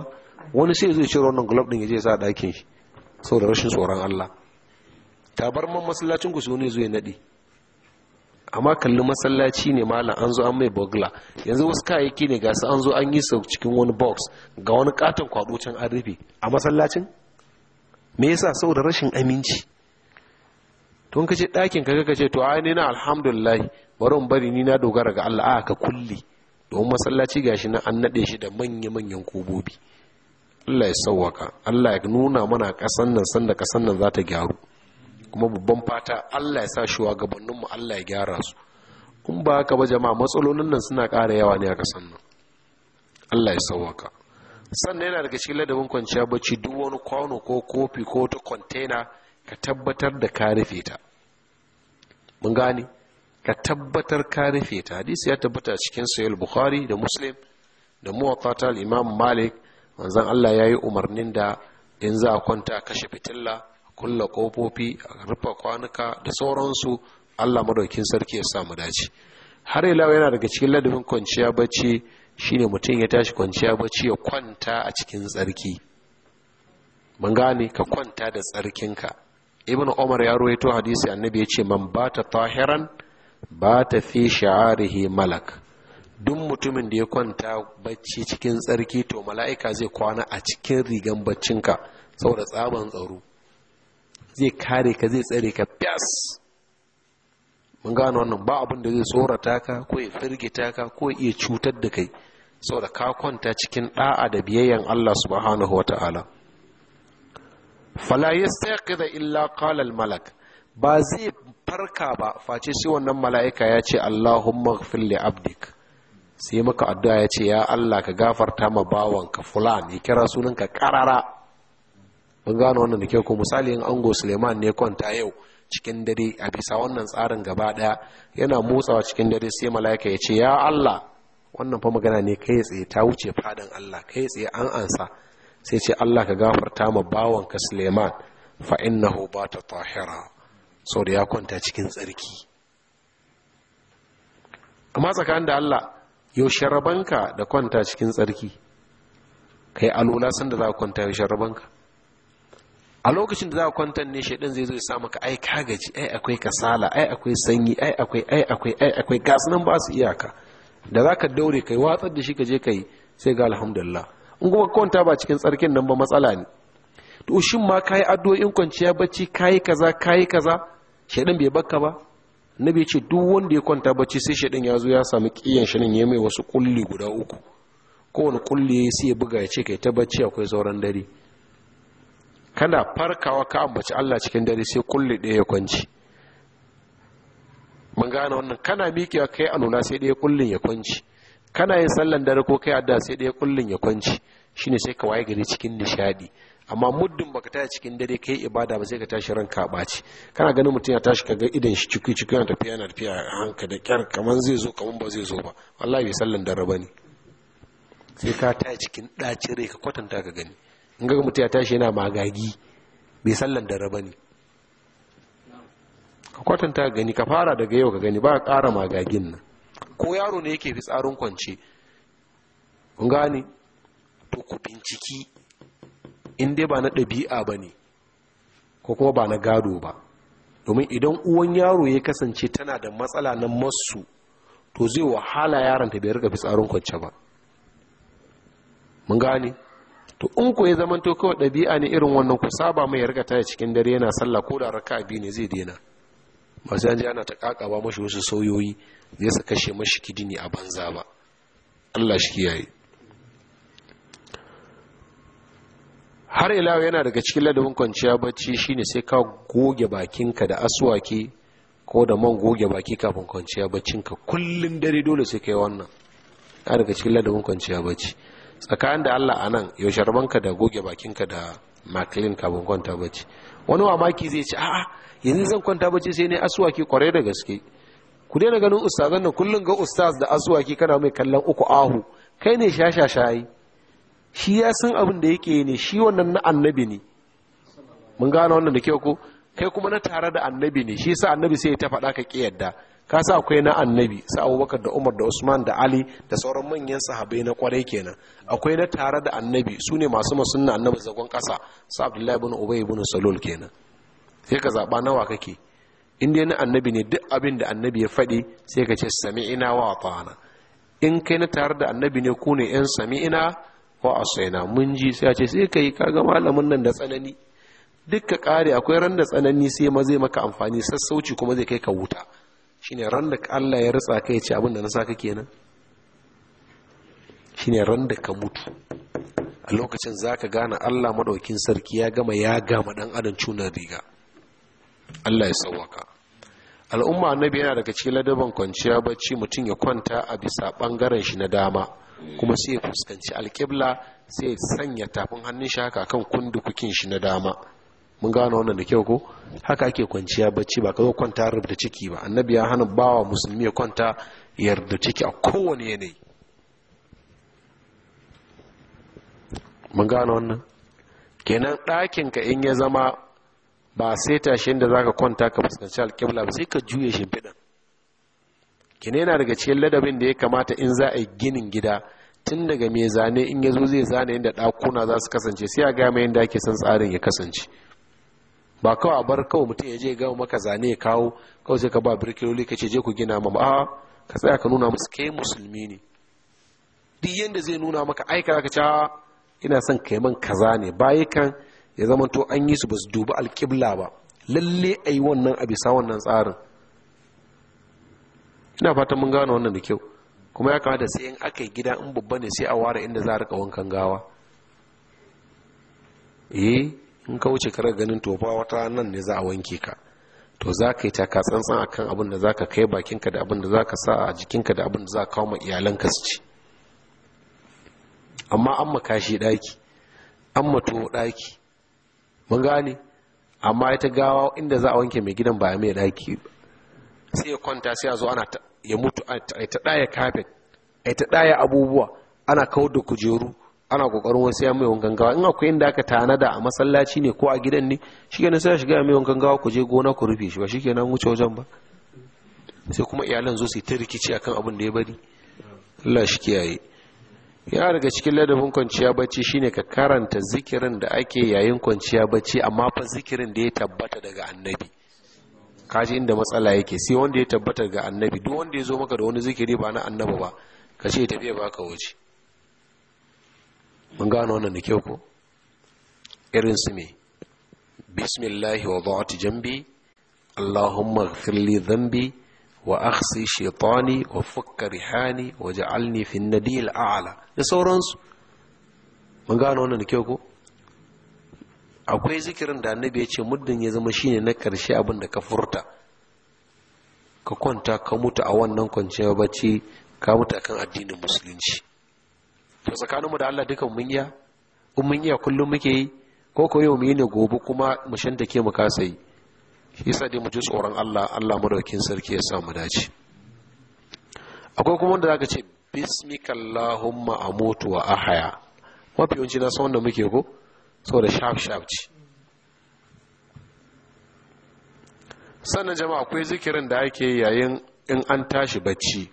wani sai zai ciro wannan glove din ya je sa dakin shi saboda rashin tsoron Allah man masallacin ku su ne zai nadi. amma kalli masallaci ne malam an zo an mai bugla yanzu wasu kayayyaki ne gasu an zo an yi su cikin wani box ga wani katon kwado can an rufe a masallacin me yasa saboda rashin aminci tun kace ɗakin ka ce to ai ne na alhamdulillah bari in bari ni na dogara ga Allah a ka kulle domin masallaci gashi na an nade shi da manya manyan kobobi Allah ya sauwaka Allah ya nuna mana kasan nan sanda kasan nan za ta gyaru kuma babban fata Allah ya sa shugabanninmu Allah ya gyara su in ba haka ba jama'a matsalolin nan suna ƙara yawa ne a kasan nan Allah ya sauwaka sannan yana daga cikin ladabin kwanciya bacci duk wani kwano ko kofi ko ta kwantena ka tabbatar da ka rufe ta mun gane ka tabbatar ka rufe ta hadisi ya tabbata cikin sahih bukhari da muslim da muwatta imam malik manzon Allah yayi umarnin da in za a kwanta kashe fitilla kulla kofofi rufe kwanuka da sauransu allah madaukin sarki ya samu dace har ila yana daga cikin ladabin kwanciya bacci shine mutum ya tashi kwanciya bacci ya kwanta a cikin tsarki mun gane ka kwanta da tsarkinka ibn umar ya rawaito hadisi annabi ya ce man bata tahiran bata fi sha'arihi malak duk mutumin da ya kwanta bacci cikin tsarki to mala'ika zai kwana a cikin rigan baccinka saboda tsaban tsaro zai kare ka zai tsare ka fiyas mun gano wannan ba abin da zai tsorata ka ko ya firgita ka ko ya cutar da kai saboda ka kwanta cikin da'a da biyayyan Allah subhanahu wa ta'ala fala da illa qala al malak ba zai farka ba face sai wannan mala'ika ya ce Allahumma ghfir li abdik sai maka addu'a ya ce ya Allah ka gafarta ma bawanka fulan ya kira sunanka karara mun gano wannan da kyau ko misali in ango suleiman ne kwanta yau cikin dare a bisa wannan tsarin gaba daya yana motsawa cikin dare sai Malaka ya ce ya allah wannan fa magana ne kai tsaye ta wuce fadin allah kai tsaye an ansa sai ce allah ka gafarta ma ka suleiman fa innahu ba ta tahira da ya kwanta cikin tsarki amma tsakanin da allah yaushe sharabanka da kwanta cikin tsarki kai alula sanda za ka kwanta yaushe sharabanka a lokacin da za ka kwantar ne shaidan zai zo ya sa maka ai ka gaji ai akwai kasala ai akwai sanyi ai akwai ai akwai ai akwai gas nan ba su iyaka da za ka daure kai watsar da shi ka je kai sai ga alhamdulillah in kuma kwanta ba cikin tsarkin nan ba matsala ne to shin ma kayi addu'o'in kwanciya bacci kayi kaza kai kaza shaidan bai bakka ba na ce duk wanda ya kwanta bacci sai shaidan ya zo ya samu kiyan shi nan ya mai wasu kulli guda uku kowane kulli sai ya buga ya ce kai ta bacci akwai sauran dare kana farkawa ka ambaci Allah cikin dare sai kulle ɗaya ya kwanci mun gane wannan kana mikewa kai a nuna sai ɗaya kullun ya kwanci kana yin sallan dare ko kai adda sai ɗaya kullun ya kwanci shine sai ka waye gari cikin nishadi amma muddin baka tashi cikin dare kai ibada ba sai ka tashi ranka ɓaci kana ganin mutum ya tashi kaga idan shi ciki ciki yana tafiya yana tafiya a hanka da kyar kaman zai zo kaman ba zai zo ba wallahi bai sallan dare bane sai ka tashi cikin ɗaci rai ka kwatanta ka gani in ga mutu ya tashi yana magagi bai sallan da ba ne ka kwatanta gani ka fara daga yau ka gani ba ƙara magagin nan ko yaro ne yake tsarin kwance kun gane to ku binciki in dai ba na ɗabi'a ba ne ko kuma ba na gado ba domin idan uwan yaro ya kasance tana da matsala na masu to zai wahala yaron ta bai rika tsarin kwance ba mun gane to in ku ya to kawai ɗabi'a ne irin wannan ku saba mai yarka ta cikin dare yana sallah ko da raka biyu ne zai daina masu yanzu yana ta kakaba mashi wasu sauyoyi zai su kashe mashi kidini a banza ba Allah shi kiyaye har ila yana daga cikin ladabin kwanciya bacci shine sai ka goge bakinka da aswaki ko da man goge baki kafin kwanciya baccinka kullum dare dole sai kai wannan ya daga cikin ladabin kwanciya bacci tsakanin da Allah a nan yaushe rabanka da goge bakinka da maklin kafin kwanta bacci wani wamaki zai ci a'a yanzu zan kwanta bacci sai ne asuwaki kwarai da gaske ku daina ganin ustazan nan kullum ga ustaz da asuwaki kana mai kallon uku ahu kai ne shashashayi shi ya san abin da yake ne shi wannan na annabi ne mun gane wannan da kyau ko kai kuma na tare da annabi ne shi sa annabi sai ya ta faɗa ka ƙi yadda ka sa akwai na annabi sa abubakar da umar da usman da ali da sauran manyan sahabai na kwarai kenan akwai na tare da annabi su ne masu masunna annabi zagon kasa sa abdullahi ibn ubay ibn salul kenan sai ka zaɓa nawa kake in dai na annabi ne duk abin da annabi ya faɗi sai ka ce sami'ina wa ata'ana in kai na tare da annabi ne ku ne yan sami'ina wa asaina mun ji sai a ce sai kai kaga malamin nan da tsanani duk ka kare akwai ran da tsanani sai ma zai maka amfani sassauci kuma zai kai ka wuta shine ran da Allah ya ritsa kai ce abin da na saka kenan shine ran da ka mutu a lokacin zaka gane Allah madaukin sarki ya gama ya gama dan adam cunar riga Allah ya sauwaka al'umma annabi yana daga cikin ladaban kwanciya bacci mutum ya kwanta a bisa ɓangaren shi na dama kuma sai ya fuskanci alƙibla sai ya sanya tafin hannun shi haka kan kundukukin shi na dama mun gano wannan da kyau ko haka ake kwanciya bacci ba ka zo kwanta rubuta ciki ba annabi ya hana bawa musulmi ya kwanta yarda ciki a kowane yanayi mun gano wannan kenan ɗakin ka in ya zama ba sai inda za ka kwanta ka fuskanci alƙibla ba sai ka juye shimfiɗan kene yana daga cikin ladabin da ya kamata in za a yi ginin gida tun daga mai zane in ya zo zai zane inda ɗakuna za su kasance sai a gama yadda ake son tsarin ya kasance ba kawai bar kawai mutum ya je gama maka zane ya kawo kawai sai ka ba birkiloli ka ce je ku gina ma a ka tsaya ka nuna musu kai musulmi ne duk yadda zai nuna maka aika ka ce ina son kai man kaza ne bayi ya zama to an yi su ba su dubi alƙibla ba lalle a yi wannan a bisa wannan tsarin ina fatan mun gane wannan da kyau kuma ya kamata sai in aka yi gida in babba ne sai a ware inda za a rika wankan gawa eh in ka wuce kare ganin tofa wata nan ne za a wanke ka to za ka yi taka tsantsan a kan abin da za ka kai bakinka da abin da za ka sa a jikinka da abin da za ka kawo ma iyalanka su ci amma an makashi ɗaki an mato ɗaki mun gane amma ita gawa inda za a wanke mai gidan ba mai ɗaki sai ya kwanta sai ya zo ana ya mutu a ta ɗaya kafet a ta ɗaya abubuwa ana kawo da kujeru ana kokarin wasu ya mai wankan gawa in akwai inda aka tanada a masallaci ne ko a gidan ne shikenan sai shiga mai wankan gawa ku je gona ku rufe shi ba shikenan wuce wajen ba sai kuma iyalan zo su ta rikici akan abin da ya bari Allah shi kiyaye ya daga cikin ladabin kwanciya bacci shine ka karanta zikirin da ake yayin kwanciya bacci amma fa zikirin da ya tabbata daga annabi kaji inda matsala yake sai wanda ya tabbata daga annabi duk wanda ya zo maka da wani zikiri ba na annaba ba ka ce tafiya baka wuce mun gano wannan da kyau ko irin su me bismillahi wa dhati jambi allahumma ighfir li wa akhsi shaytani wa fukka rihani wa ja'alni fi an dil a'la da sauransu mun gano wannan da kyau ko akwai zikirin da annabi ya ce muddin ya zama shine na karshe abin da ka furta ka kwanta ka mutu a wannan kwanciyar bacci ka mutu akan addinin musulunci to mu da Allah dukan mun iya in mun iya kullum muke yi ko ko yau mu gobe kuma mu shanta ke mu kasa yi shi yasa dai mu ji tsoron Allah Allah daukin sarki ya sa mu dace akwai kuma wanda zaka ce bismikallahumma a amutu wa ahaya mafi yawanci na san wanda muke ko saboda sharp sharp ci sannan jama'a akwai zikirin da ake yayin in an tashi bacci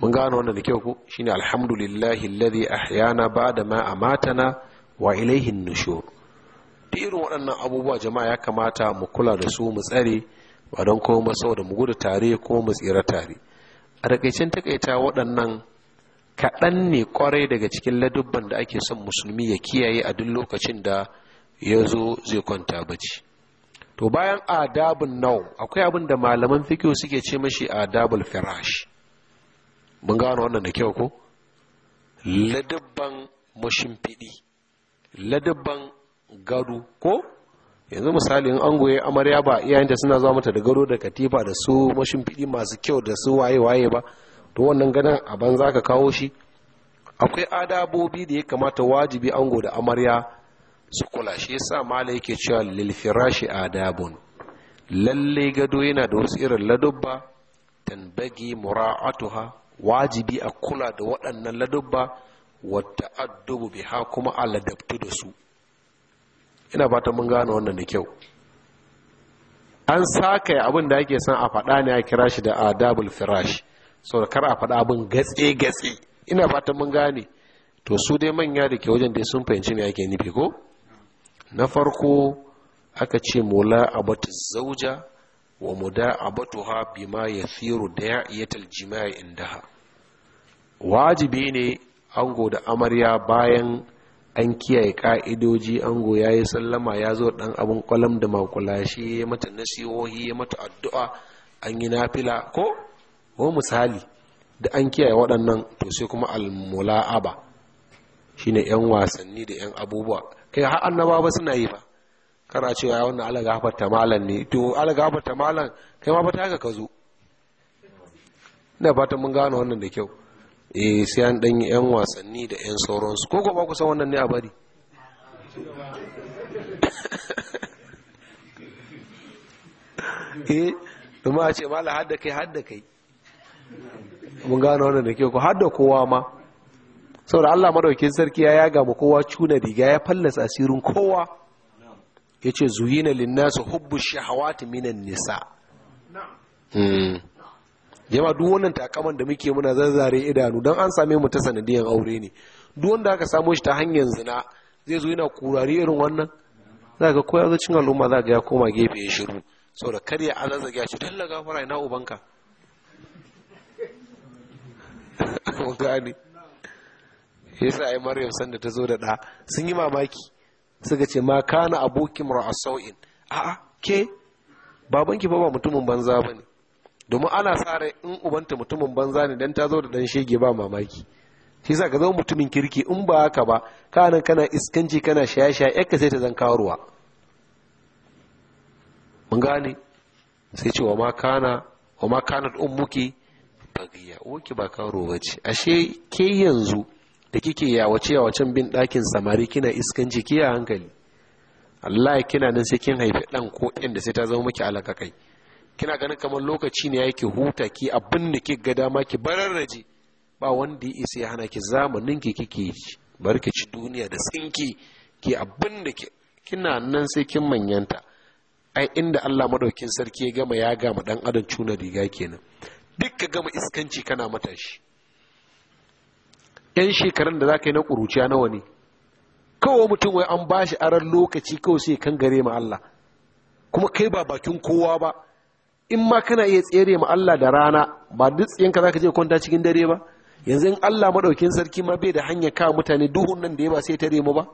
mun gano wannan da kyau ko shine alhamdulillahi alladhi ahyana ba'da ma amatana wa ilaihi nushur da irin waɗannan abubuwa jama'a ya kamata mu kula da su mu tsare ba don koma da mu gudu tare ko mu tsira tare a takaicen takaita waɗannan kaɗan ne kwarai daga cikin ladubban da ake son musulmi ya kiyaye a duk lokacin da ya zo zai kwanta bacci to bayan adabun nau akwai abin da malaman fikiyo suke ce mashi adabul firash mun gano wannan da kyau ko ladabban mashimfiɗi ladabban gado ko yanzu misali in an goye amarya ba iyayenta suna zuwa mata da gado da katifa da su mashimfiɗi masu kyau da su waye-waye ba to wannan ganin a za ka kawo shi akwai adabobi da ya kamata wajibi ango da amarya su kula shi yasa mala yake cewa lilfirashi adabun lalle gado yana da wasu irin ladubba tanbagi mura'atuha wajibi a kula da waɗannan ladubba wata addubu biha kuma a ladabtu da su ina ta mun gane wannan da kyau an saka abin da ake san a faɗa ne a kira shi da adabul firash so da kar a faɗa abin gatse gatse ina ta mun gane to su dai manya da ke wajen da sun fahimci me ake nufi ko na farko aka ce mola abatu zauja wa muda'abatuha bima yathiru da'iyatal jima'i ha? wajibi ne ango da amarya bayan an kiyaye ka'idoji ango ya yi sallama ya zo dan abin kwalam da makulashi ya mata nasihohi ya mata addu'a an yi nafila ko ko misali da an kiyaye waɗannan to sai kuma almula'aba shine yan wasanni da yan abubuwa kai har annaba ba suna yi ba kana cewa wannan ala gafar malam ne to ala gafar malam kai ma fata haka ka zo ina fata mun gano wannan da kyau eh sai an dan yan wasanni da yan sauransu ko koko ba ku san wannan ne a bari eh to ma ce malam hadda kai hadda kai mun gano wannan da kyau ko hadda kowa ma saboda Allah madaukakin sarki ya yaga ma kowa cuna riga ya fallasa asirin kowa ya ce zuyina linnasu hubbu shahawati minan nisa hmm. jama duk wannan takaman da muke muna zazzare idanu don an same mu ta sanadiyar aure ne duk aka samo shi ta hanyar zina zai zo yana kurari irin wannan za ka koya zai cin al'umma za ka ya koma gefe ya shiru saboda kar ya zazzage ya ce dalla gafara ina ubanka gani yasa ai maryam sanda ta zo da ɗa sun yi mamaki suka ce ma kana abokin ra'asau'in a'a ke babanki ba ba mutumin banza ba ne domin ana sa rai in ubanta mutumin banza ne dan ta zo da dan shege ba mamaki shi sa ka zama mutumin kirki in ba haka ba kanan kana iskanci kana shaye-shaye ka sai ta zan karuwa mun gane sai ce wa ma kana wa ma kanat ummuki bagiya ba karo ce ashe ke yanzu da kike yawace yawacen bin ɗakin samari kina iskan jiki a hankali Allah ya kina nan sai kin haifi ɗan ko da sai ta zama miki alakakai kina ganin kamar lokaci ne yake huta ki abin da ki ga dama ki bararraje ba wanda ya isa ya hana ki zamanin ki kike bar ki ci duniya da tsinki ki abin da ki kina nan sai kin manyanta ai inda Allah madaukin sarki ya gama ya gama dan adam cuna riga kenan duk ka gama iskanci kana matashi yan shekarun da za ka yi na ƙuruciya nawa ne kawai mutum wai an bashi aran lokaci kawai sai kan gare ma Allah kuma kai ba bakin kowa ba in ma kana iya tsere ma Allah da rana ba duk tsiyanka zaka je kwanta cikin dare ba yanzu in Allah madaukin sarki ma bai da hanya ka mutane duhun nan da ya ba sai tare mu ba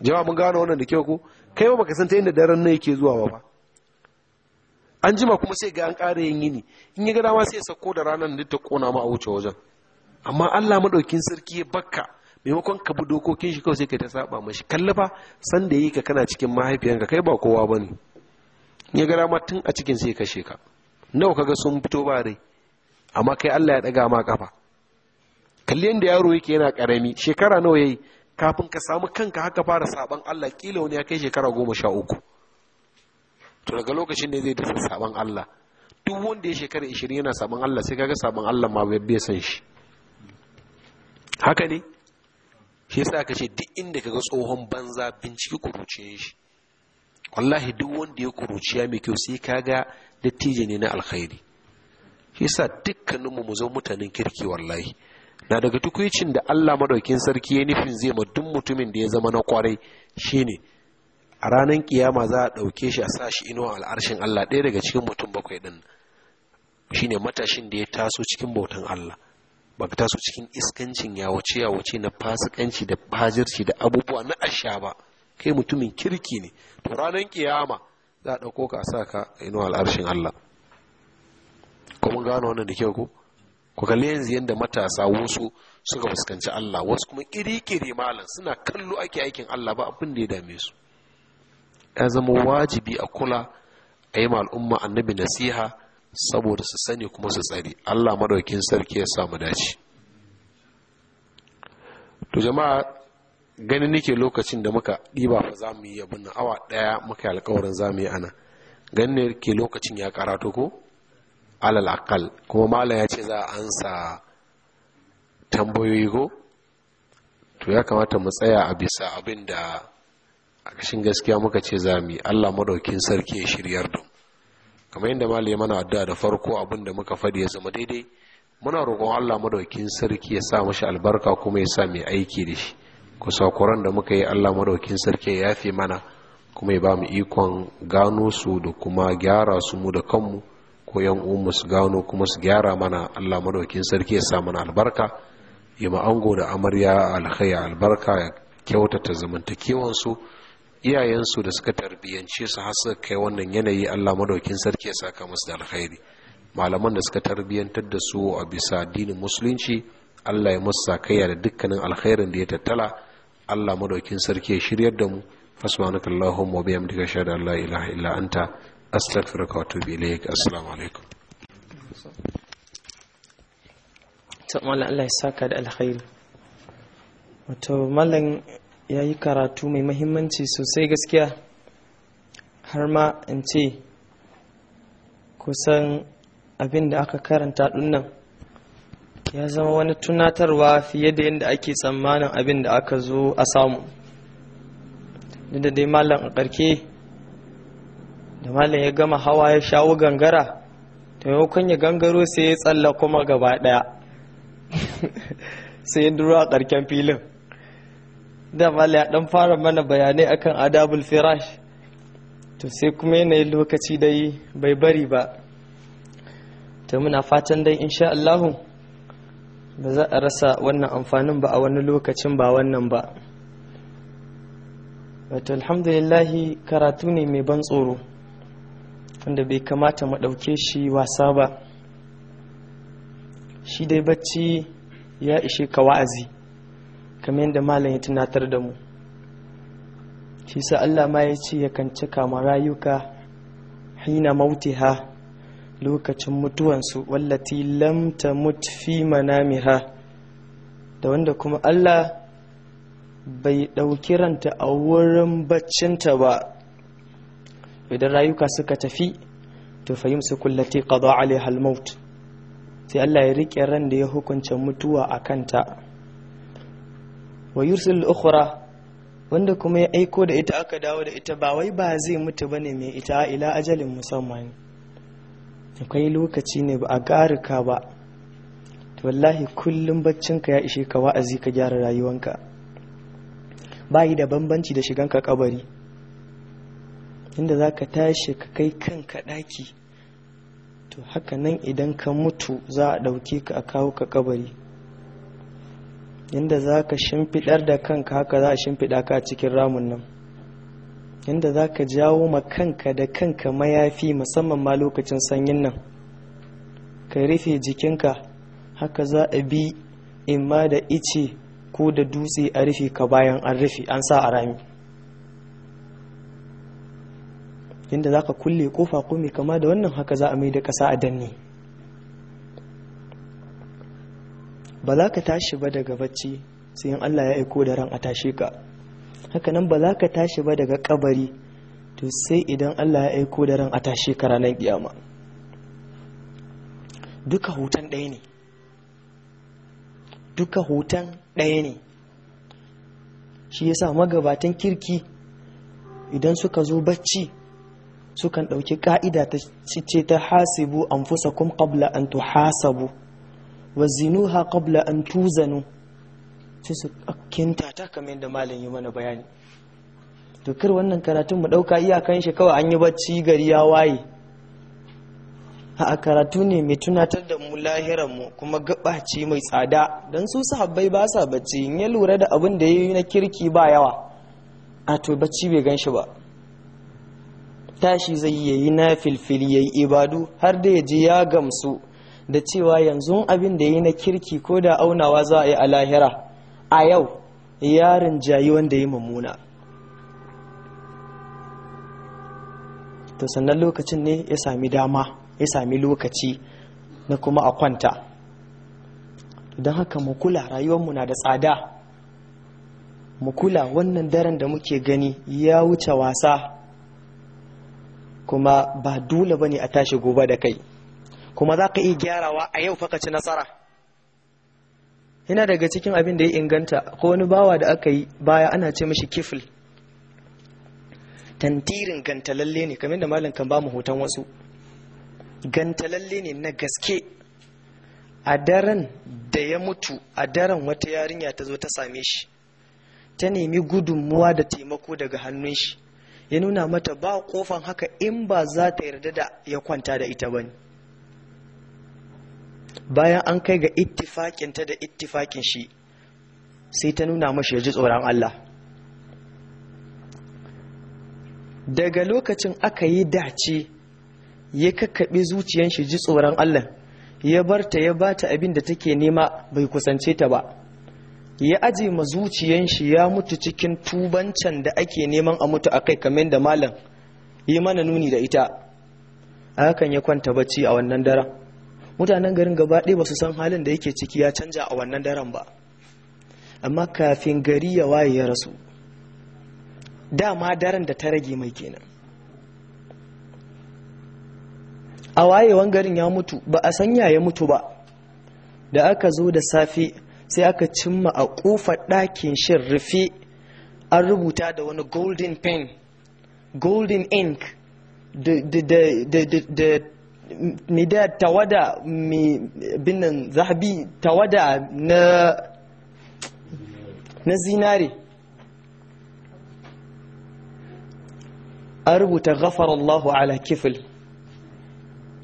jama'a mun gano wannan da kyau ko kai ba ka san ta inda daren nan yake zuwa ba an jima kuma sai ga an ƙara yin yini in ya ga dama sai ya sako da ranar da ta kona ma a wuce wajen amma Allah maɗaukin sarki ya bakka maimakon ka bi dokokin shi kawai sai ka ta saba mashi kalli fa san da yi ka kana cikin mahaifiyanka kai ba kowa ba ne ya ga dama tun a cikin sai kashe ka nawa kaga sun fito ba rai amma kai Allah ya ɗaga ma kafa kalli da yaro yake yana karami shekara nawa ya yi, kafin ka samu kanka haka fara saban Allah kila wani ya kai shekara goma sha uku to daga lokacin ne zai dasa saban Allah duk wanda ya shekara ishirin yana saban Allah sai kaga saban Allah ma bai san shi haka ne shi sa ka ce duk inda ka ga tsohon banza binciki kuruciyen shi wallahi duk wanda ya kuruciya mai kyau sai ka ga dattijo ne na alkhairi shi sa dukkaninmu mu zo mutanen kirki wallahi na daga tukwicin da Allah madaukin sarki ya nufin zai ma duk mutumin da ya zama na kwarai shine a ranar kiyama za a ɗauke shi a sa shi inuwa al'arshin Allah ɗaya daga cikin mutum bakwai ɗin shine matashin da ya taso cikin bautan Allah ba ka taso cikin iskancin yawace yawace na fasikanci da fajirci da abubuwa na asha ba kai mutumin kirki ne to ranar kiyama za a ɗauko ka a sa ka ino al'arshin Allah kuma gano wannan da kyau ko ku kalli yanzu yadda matasa wasu suka fuskanci Allah wasu kuma kiri malam suna kallo ake aikin Allah ba abin da ya dame su ya zama wajibi a kula a yi ma al'umma annabi nasiha saboda su sani kuma su tsari Allah madaukin sarki ya samu dace to jama'a ganin nake lokacin da muka ɗiba fa za mu yi abin na awa ɗaya muka yi alkawarin za mu yi ana ganin ke lokacin ya karato ko alal akal kuma malam ya ce za a ansa tambayoyi ko to ya kamata mu tsaya a bisa abin da a kashin gaskiya muka ce za mu yi Allah madaukin sarki ya shiryar da kamar yadda malai mana addu'a da farko abin da muka fadi ya zama daidai muna roƙon Allah madaukin sarki ya sa mashi albarka kuma ya sa mai aiki da shi kusakuran da muka yi Allah madaukin sarki ya yafe mana kuma ya ba mu ikon gano su da kuma gyara su mu da kanmu ko yan umu su gano kuma su gyara mana Allah madaukin sarki ya sa mana albarka ya ango da amarya alkhaya albarka ya kyautata zamantakewansu iyayensu da suka tarbiyyance su har suka kai wannan yanayi Allah madaukin sarki ya saka musu da alkhairi malaman da suka tarbiyyantar da su a bisa addinin musulunci Allah ya musu sakayya da dukkanin alkhairin da ya tattala Allah madaukin sarki ya shiryar da mu fasbanaka Allahumma wa bihamdika shada Allah ilaha illa anta astaghfiruka wa atubu ilayk assalamu alaikum to mallan Allah ya saka da alkhairi wato mallan ya yi karatu mai mahimmanci sosai gaskiya har ma in ce kusan abin da aka karanta ɗunnan ya zama wani tunatarwa fiye da yadda ake tsammanin abin da aka zo a samu da dai malam a ƙarke da malam ya gama hawa ya shawo gangara da maimakon ya gangaro sai ya tsalla kuma gaba daya sai ya duro a karken filin da ya dan fara mana bayanai akan adabul firash to sai kuma yanayin lokaci dai bai bari ba to muna fatan dai insha Allahu ba za a rasa wannan amfanin ba a wani lokacin ba wannan ba wato alhamdulillahi karatu ne mai ban tsoro wanda bai kamata mu ɗauke shi wasa ba shi dai bacci ya ishe ka wa'azi kamar yadda malam ya tunatar da mu shi sa Allah ma ya ce yakan cika ma rayuka hina mautiha lokacin mutuwansu wallati lam tamut fi manamiha da wanda kuma Allah bai ɗauki ranta a wurin baccinta ba idan rayuka suka tafi to su kullati qada alaiha al sai Allah ya rike ran da ya hukunce mutuwa a kanta wa yursil ukhra wanda kuma ya aiko da ita aka dawo da ita ba wai ba zai mutu bane mai ita ila ajalin musamman akwai lokaci ne ba a garika ba to wallahi kullum baccinka ya ishe ka wa'azi ka gyara rayuwanka ba yi da bambanci da ka kabari inda za ka tashi ka kai kanka ɗaki to haka nan idan ka mutu za a ɗauke ka a kawo ka kabari inda za ka shimfiɗar da kanka haka za a shimfiɗa ka cikin ramun nan inda za ka jawo ma kanka da kanka mayafi musamman ma lokacin sanyin nan ka rufe jikinka haka za a bi imma da ice ko da dutse a rufe ka bayan an rufe an sa a rami inda za ka kulle kofa kome kama da wannan haka za a mai da ƙasa a danne ba za ka tashi ba daga bacci sai in Allah ya aiko da ran a tashe ka Haka nan ba za ka tashi ba daga kabari to sai idan Allah ya aiko da ran a tashe ka ranar kiyama duka hutan ɗaya ne duka hutan ɗaya ne shi yasa magabatan kirki idan suka zo bacci sukan ɗauki ka'ida ta ce ta hasibu kum qabla an tuhasabu wa zinuha qabla an tuzanu sai su kinta ta kamar yadda malam yi mana bayani to kar wannan karatun mu dauka iyakan shi kawai an yi bacci gari ya waye a karatu ne mai tunatar da mu lahiran mu kuma gabaci mai tsada dan su sahabbai ba sa bacci in ya lura da abin da yayi na kirki ba yawa a to bacci bai gan shi ba tashi zai yayi na filfili yayi ibadu har da ya je ya gamsu da cewa yanzu abin da yi na kirki ko da aunawa za a yi a lahira a yau yarin jayi wanda yi mummuna to sannan lokacin ne ya sami dama ya sami lokaci na kuma a kwanta don haka mukula kula rayuwarmu na da tsada mukula wannan daren da muke gani ya wuce wasa kuma ba dole ne a tashi gobe da kai kuma za ka iya gyarawa a yau faka ci nasara yana daga cikin abin da ya inganta ko wani bawa da aka yi baya ana ce mashi kifil tantirin gantalalle ne kamar da malin kan ba mu hoton wasu gantalalle ne na gaske a daren da ya mutu a daren wata yarinya ta zo ta same shi ta nemi gudunmuwa da taimako daga hannun shi ya nuna mata ba kofan haka in ba za ta yarda da ya kwanta da ita ba ne. bayan an kai ga ittifakinta da ittifakin shi sai ta nuna mashi ya ji tsoron Allah daga lokacin aka yi dace ya kakkaɓe zuciyan shi ji tsoron Allah ya barta ya bata abin da take nema bai kusance ta ba ya aje ma zuciyan shi ya mutu cikin tubancan da ake neman a mutu akai kamar da malam yi mana nuni da ita hakan ya kwanta bacci a wannan daren mutanen garin gaba ɗaya ba su san halin da yake ciki ya canja a wannan daren ba amma kafin gari ya waye ya rasu dama daren da ta rage mai kenan a wayewan garin ya mutu ba a sanya ya mutu ba da aka zo da safe sai aka cimma a kofar ɗakin shin rufe an rubuta da wani golden pen golden ink da mida tawada binnan zahabi tawada na na zinare an rubuta gafarallahu ala kifil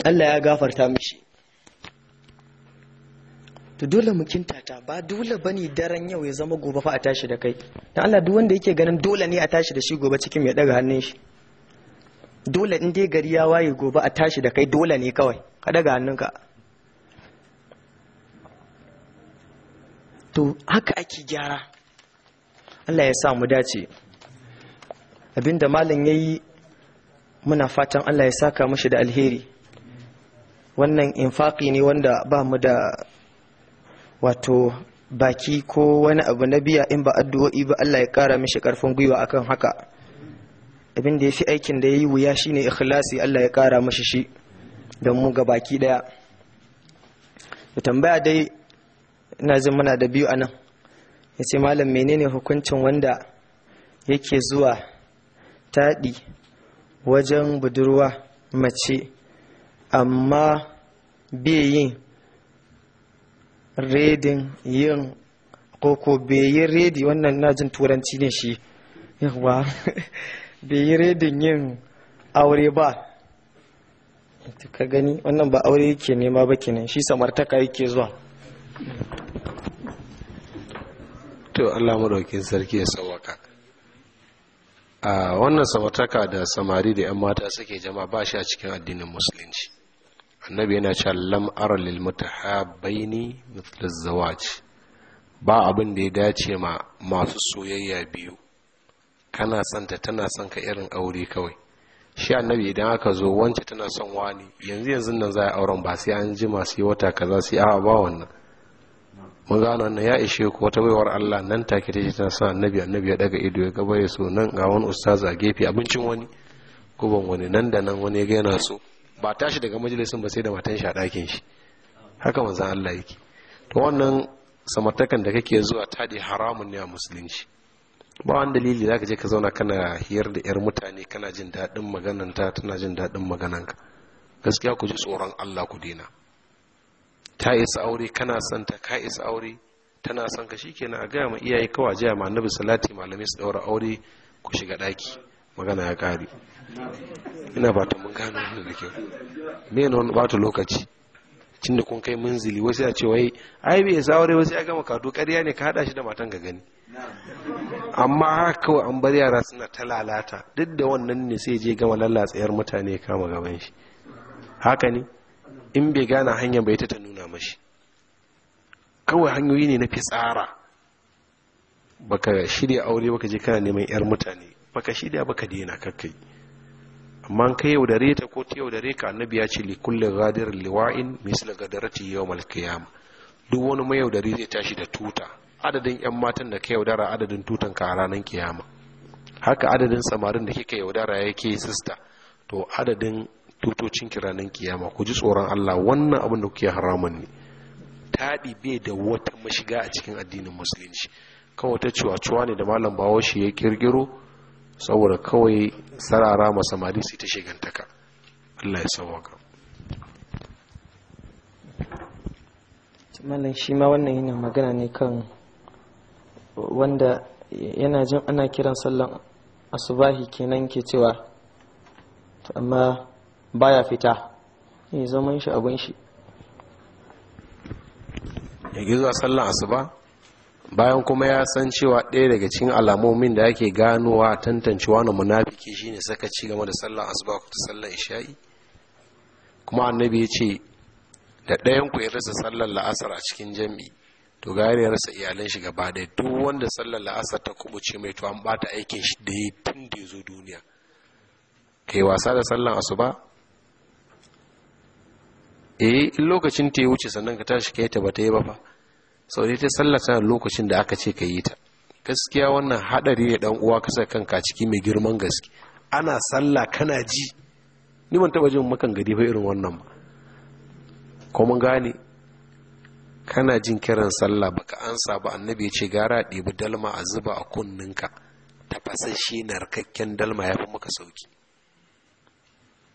Allah ya gafarta mishi to dole mu kintata ba dole bane daren yau ya zama gobe fa a tashi da kai dan Allah duk wanda yake ganin dole ne a tashi da shi gobe cikin ya daga hannun shi dole in dai gari ya waye gobe a tashi da kai dole ne kawai ka daga hannunka to haka ake gyara Allah ya sa mu dace abinda malam yayi muna fatan Allah ya saka mashi da alheri wannan infaki ne wanda ba mu da wato baki ko wani abu na biya in ba addu'o'i ba Allah ya kara mishi karfin gwiwa akan haka abin da ya fi aikin da ya yi wuya shine ikhlasi Allah ya kara mashi shi don mu ga baki daya da tambaya dai ina jin mana da biyu anan ya ce malam menene hukuncin wanda yake zuwa taɗi wajen budurwa mace amma yin redin yin koko yi redi wannan najin turanci ne shi yawa bai yi redin yin aure ba ka gani wannan ba aure yake nema ba kenan shi samartaka yake zuwa to Allah maɗaukin sarki ya sauwaka a wannan samartaka da samari da 'yan mata suke jama ba shi a cikin addinin musulunci annabi yana cewa lam ara lil mutahabbaini mithl zawaj ba abin da ya dace ma masu soyayya biyu kana santa tana son ka irin aure kawai shi annabi idan aka zo wance tana son wani yanzu yanzu nan za a auren ba sai an ji masu yi wata kaza sai a ba wannan mun gano wannan ya ishe ku wata baiwar Allah nan take ta tana son annabi annabi ya daga ido ya gaba ya so nan ga wani ustaz a gefe abincin wani ban wani nan da nan wani ga yana so ba tashi daga majalisin ba sai da matan shi a ɗakin shi haka manzan Allah yake to wannan samartakan da kake zuwa tadi haramun ne a musulunci ba wani dalili za ka je ka zauna kana hiyar da 'yar mutane kana jin daɗin magananta tana jin daɗin magananka gaskiya ku ji tsoron allah ku dina ta isa aure kana son ta ka isa aure tana son ka shi shikenan a gaya ma iyaye kawai jiya ma annabi salati malamai su daura aure ku shiga ɗaki magana ya ƙare ina ba mun gano da kyau wani lokaci tun da kun kai munzili wasu ya ce wai ai bai sa aure wasu ya gama kadu ƙarya ne ka haɗa shi da matan ka gani amma haka kawai an bar yara suna ta lalata duk da wannan ne sai je gama lallatsayar mutane kama gaban shi haka ne in bai gane hanyar bai ta ta nuna mashi kawai hanyoyi ne na fitsara baka shirya aure baka je kana neman yar mutane baka shirya baka daina kakai amma ka yaudare ta ko ta yaudare ka annabi ya ce likulli ghadir liwa'in misla gadarati yawmal qiyam duk wani mai zai tashi da tuta adadin yan matan da ka yaudara adadin tutan ka a ranar kiyama haka adadin samarin da kika yaudara yake sista to adadin tutocin ki kiyama ku ji tsoron Allah wannan abin da kuke haramun ne taɗi bai da wata mashiga a cikin addinin musulunci kawai ta cuwa cuwa ne da malam bawo shi ya kirkiro saboda kawai sarara ma samari su ta shigantaka Allah ya sauwaka malam shi ma wannan yana magana ne kan wanda yana jin ana kiran sallan asubahi kenan ke cewa amma baya fita ne zaman shi abin shi ya gizo a sallan asuba bayan kuma ya san cewa ɗaya daga cikin alamomin da ake ganowa tantancewa na munafiki shine saka ci game da sallan asuba ta sallan isha'i kuma annabi ya ce da ɗayan ku ya rasa sallar la'asar a cikin jam'i to ga ya rasa iyalan shi gaba da duk wanda sallan la'asar ta kubuce mai to an bata aikin shi da ya tun da ya zo duniya kai wasa da sallan asuba eh in lokacin ta ya wuce sannan ka tashi kai ta bata yi ba fa sau dai ta sallata lokacin da aka ce ka yi ta gaskiya wannan haɗari ne ɗan uwa kasa kanka ciki mai girman gaske ana sallah kana ji ni ban taɓa jin makan gadi fa irin wannan ba ko mun gane kana jin kiran sallah baka ansa ba annabi ya ce gara ɗibi ɗebi dalma a zuba a kunninka tafasashe narkakken dalma ya fi maka sauki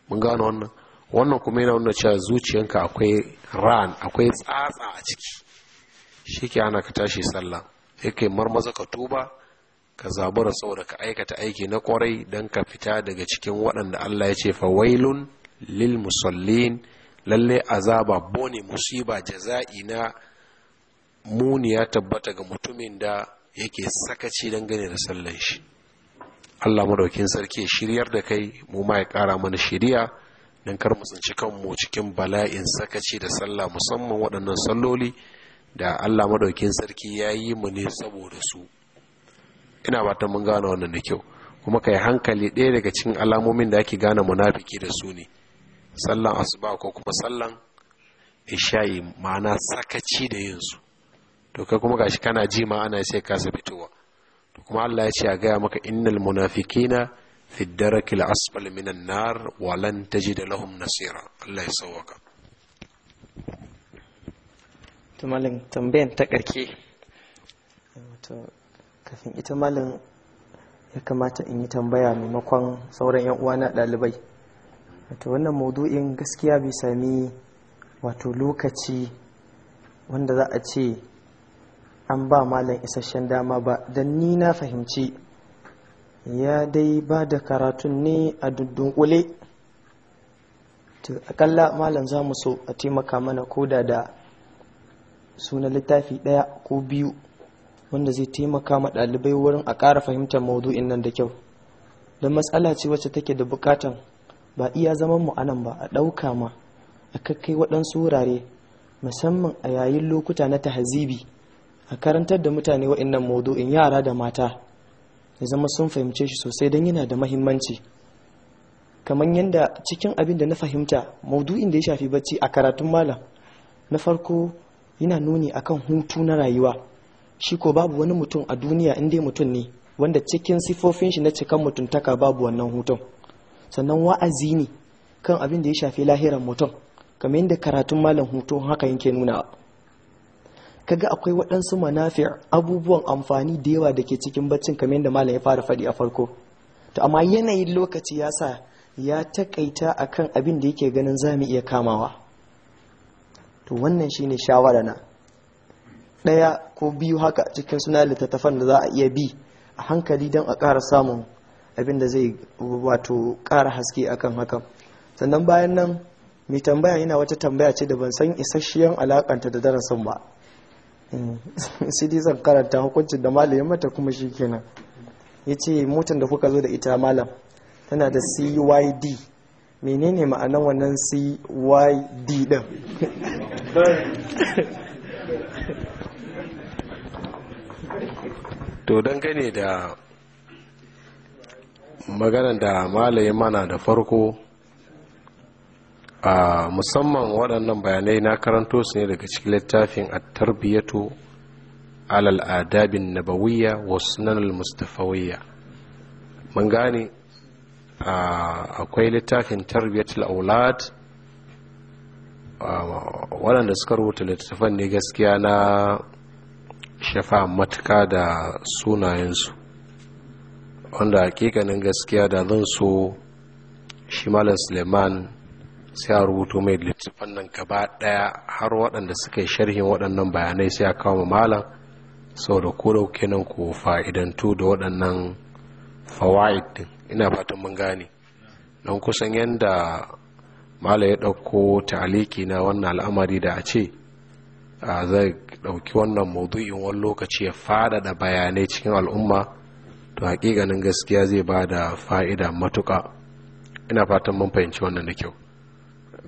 mun gane wannan wannan kuma yana nuna cewa zuciyanka akwai ran akwai tsatsa a ciki shike ke ana ka tashi sallah ya kai marmaza ka tuba ka zabura saboda ka aikata aiki na kwarai don ka fita daga cikin waɗanda Allah ya ce fawailun lil musallin lalle azaba bone musiba jaza'i na muni ya tabbata ga mutumin da yake sakaci don gane da sallan shi Allah madaukin sarki shiryar da kai mu ma ya kara mana shiriya don kar mu tsinci kanmu cikin bala'in sakaci da sallah musamman waɗannan salloli da Allah madaukin sarki ya yi mu ne saboda su ina fatan mun gane wannan da kyau kuma kai hankali ɗaya daga cikin alamomin da ake gane munafiki da su ne sallan asuba ko kuma sallan isha'i ma'ana sakaci da yin su to kai kuma gashi kana ji ma ana sai kasa fitowa to kuma Allah ya ce a gaya maka innal munafikina fi ddarakil asfal minan nar walan tajid lahum nasira Allah ya sauwaka ita malin tambayan ta kafin ita malin ya kamata in yi tambaya maimakon sauran yan uwa na dalibai wato wannan maudu'in gaskiya bai sami wato lokaci wanda za a ce an ba malam isasshen dama ba don ni na fahimci ya dai ba da karatun ne a dudunkule to akalla malam za mu so a taimaka mana koda da sunan littafi ɗaya ko biyu wanda zai taimaka ma ɗalibai wurin a ƙara fahimtar maudu'in nan da kyau don matsala ce wacce take da bukatan ba iya zaman mu anan ba a ɗauka ma a kakkai waɗansu wurare musamman a yayin lokuta na tahazibi a karantar da mutane waɗannan maudu'in yara da mata ya zama sun fahimce shi sosai don yana da mahimmanci kamar yadda cikin abin da na fahimta maudu'in da ya shafi bacci a karatun malam na farko yana nuni akan hutu na rayuwa shi ko babu wani mutum a duniya in dai mutum ne wanda cikin sifofin shi na cikan mutuntaka babu wannan hutun sannan wa'azi ne kan abin da ya shafi lahiran mutum kamar yadda karatun malam hutu haka yake nuna kaga akwai waɗansu manafiyar abubuwan amfani da yawa da ke cikin baccin kamar yadda malam ya fara faɗi a farko to amma yanayin lokaci ya sa ya takaita akan abin da yake ganin za mu iya kamawa to wannan shine shawara na ɗaya ko biyu haka cikin suna littattafan da za a iya bi a hankali don a ƙara samun abin da zai wato ƙara haske akan hakan sannan bayan nan mai tambaya yana wata tambaya ce da ban san isasshiyan alakanta da darasin ba eh, sai zan karanta hukuncin da malamin mata kuma shi kenan ya ce motar da kuka zo da ita malam tana da cyd menene ma'anan wannan cyd din to don gane da maganar da malaye mana da farko a musamman waɗannan bayanai na karanto su ne daga cikin littafin a tarbiyyato alal adabin nabawiyya wasu nan mustafawiyya mun gane Ah, akwai littafin tarbiyyar aulad ah, waɗanda suka rubuta littattafan ne gaskiya na shafa matuka da sunayensu wanda hakikanin gaskiya da zan so shi malam suleiman sai a rubuto mai littafan nan gaba ɗaya har waɗanda suka yi sharhin waɗannan bayanai sai a kawo malam sau da ko nan ko fa'idantu da waɗannan fawa'id ina fatan mun gane don kusan yadda mala ya ɗauko ta'aliki na wannan al'amari da a ce a zai ɗauki wannan maudu'in wani lokaci ya faɗaɗa bayanai cikin al'umma to haƙiƙanin gaskiya zai ba da fa'ida matuƙa ina fatan mun fahimci wannan da kyau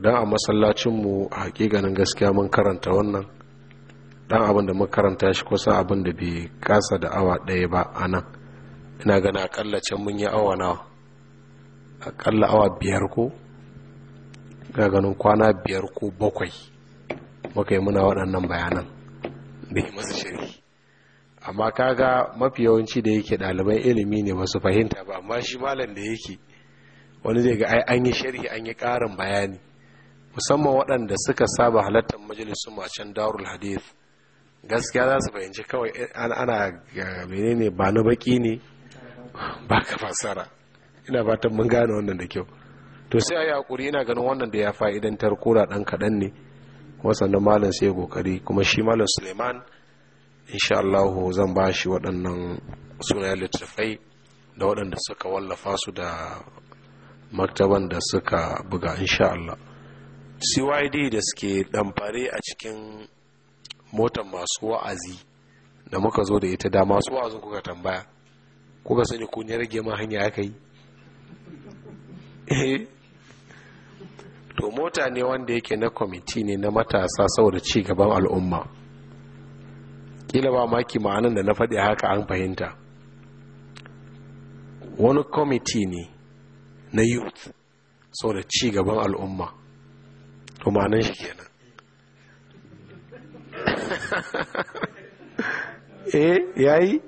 don a masallacinmu a haƙiƙanin gaskiya mun karanta wannan ɗan abin da mun karanta shi kusa abin da bai kasa da awa ɗaya ba a nan ina gana akalla can mun yi awa nawa akalla awa biyar ko ga ganin kwana biyar ko bakwai muka yi muna waɗannan bayanan da yi masu shiri amma kaga mafi yawanci da yake ɗaliban ilimi ne ba fahimta ba amma shi malam da yake wani zai ga ai an yi sharhi an yi ƙarin bayani musamman waɗanda suka saba halartar majalisun macen darul hadith gaskiya za su fahimci kawai eh, ana menene ba na baki ne ba ka fasara ina fatan mun gane wannan da kyau to sai a yi hakuri ina ganin wannan da ya fa'idantar koda ɗan kaɗan ne kuma sannan malam sai kokari kuma shi malam suleiman insha Allah zan ba shi waɗannan sunayen littattafai da waɗanda suka wallafa su da maktaban da suka buga insha Allah CYD da suke ɗamfare a cikin motar masu wa'azi da muka zo da ita da masu wa'azin kuka tambaya ko ka sani ko ya rage ma hanya aka yi eh. to mota ne wanda yake na kwamiti ne na matasa saboda ci gaban al'umma kila ba maki ma'anin da na faɗi haka an fahimta wani kwamiti ne na youth saboda ci gaban al'umma to ma'anin shi kenan eh yayi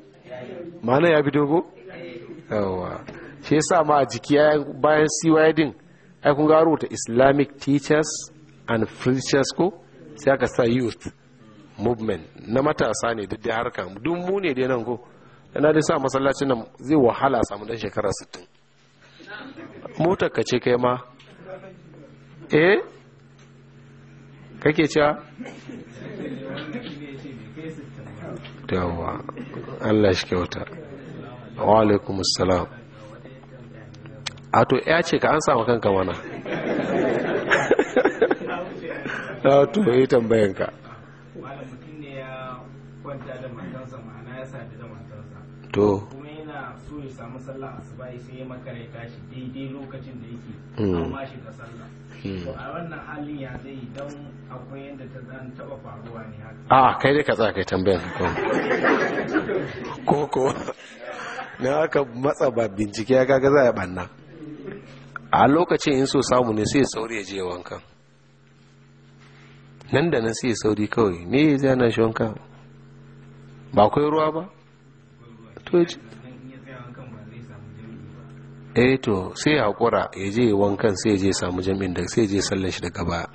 ma'ana ya bi dogo yawa shi yasa ma a jiki bayan cyd ai kun ta islamic teachers and preachers ko sai aka sa youth movement na matasa ne duk da harka duk mu ne dai nan ko yana dai sa masallacin nan zai wahala samu dan shekara 60 motar ka ce kai ma eh kake cewa yawwa allah shi kyauta wa alaikum assalam a to ya ce ka an samu kanka mana na to yi tambayanka to so ya samu sallah asuba sai ya makare tashi daidai lokacin da yake hmm. amma shi ka sallah Hmm. a wannan halin ya ne kai dai ka tsaya kai na aka matsa ba bincike ya gaga za a banna a lokacin in so samu ne sai sauri ya je wanka nan da nan sai sauri kawai ne ya zana shi wanka ba akwai ruwa ba to eh to sai ya haƙura ya je wankan sai ya je samu jami'in da sai ya je sallan shi daga baya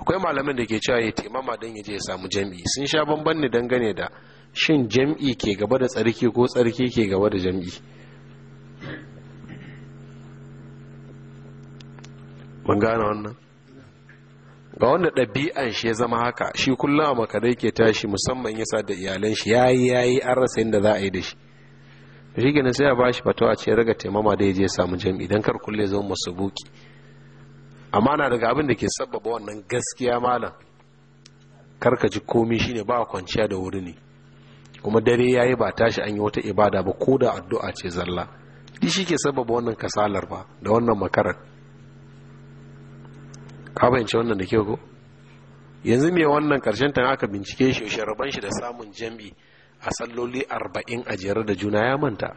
akwai malamin da ke cewa ya taimama don ya je ya samu jami'i sun sha bamban ne dangane da shin jami'i ke gaba da tsarki ko tsarki ke gaba da jami'i mun gane wannan ga wanda ɗabi'an shi ya zama haka shi kullum a makarai ke tashi musamman yasa da iyalan shi ya yi ya yi an rasa da za a yi da shi shi kenan sai a ba shi fatawa ce raga taimama da ya je samu jami'i don kar kulle zo masu buki amma na daga abin da ke sabbaba wannan gaskiya malam karka ji komi shine ba kwanciya da wuri ne kuma dare ya yi ba tashi an yi wata ibada ba ko da addu'a ce zalla di shi ke sabbaba wannan kasalar ba da wannan makarar ka bayyance wannan da ke ko yanzu me wannan karshen ta aka bincike shi rabon shi da samun jami'i a salloli arba'in a jere da juna ya manta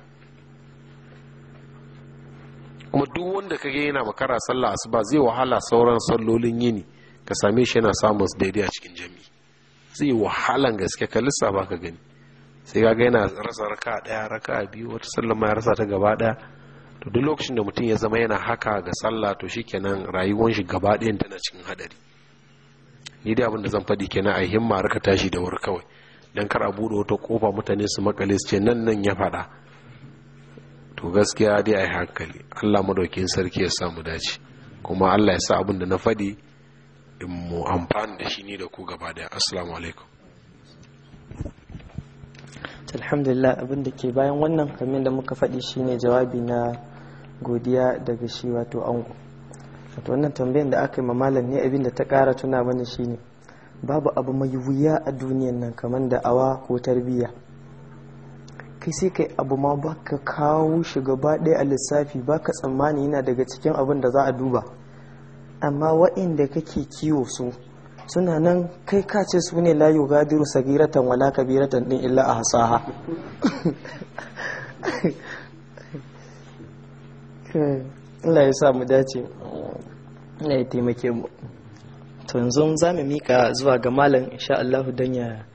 kuma duk wanda kage yana makara sallah asuba zai wahala sauran sallolin yini ka same shi yana samun daidai a cikin jami zai wahalan gaske ka lissafa ka gani sai kaga yana rasa raka daya raka biyu wata sallah ma ya rasa ta gaba daya to duk lokacin da mutum ya zama yana haka ga sallah to shikenan rayuwar shi gaba ɗayan tana cikin hadari ni da abin da zan faɗi kenan a himma raka tashi da wuri kawai don kar a buɗe wata kofa mutane su makale su ce nan nan ya faɗa to gaskiya dai a yi hankali allah madaukin sarki ya samu dace kuma allah ya sa abin da na faɗi in mu amfani da shi ni da ku gaba da assalamu alaikum alhamdulillah abin da ke bayan wannan kamin da muka faɗi shine jawabi na godiya daga shi wato ango wato wannan tambayan da aka yi mamalan ne abin da ta ƙara tuna mana shine ne babu abu mai wuya a duniyan nan kamar da awa ko tarbiyya kai sai kai abu ma ka kawo shi gaba ɗaya a lissafi baka tsammani yana daga cikin abin da za a duba amma waɗanda kake kiwo su suna nan kai ka ce su ne layo gadiru sagiratan wala kabiratan din illa a hasaha Allah ya sa mu dace ya taimake mu to yanzu za mu mika zuwa ga malam insha Allah don ya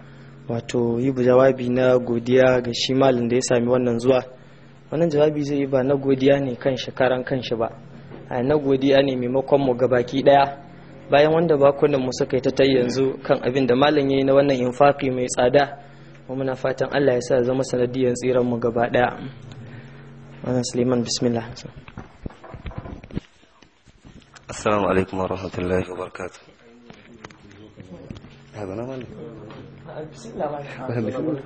wato yi jawabi na godiya ga shi malam da ya sami wannan zuwa wannan jawabi zai yi ba na godiya ne kan shekaran kanshi ba a na godiya ne maimakon mu gabaki daya bayan wanda bakunan mu suka yi ta tayi yanzu kan abin da malam yi na wannan infaki mai tsada mu muna fatan Allah ya sa zama sanadiyan tsiran mu gaba daya wannan Suleiman bismillah assalamu alaikum wa rahmatullahi wa barakatuh هذا انا مالك بسم الله ما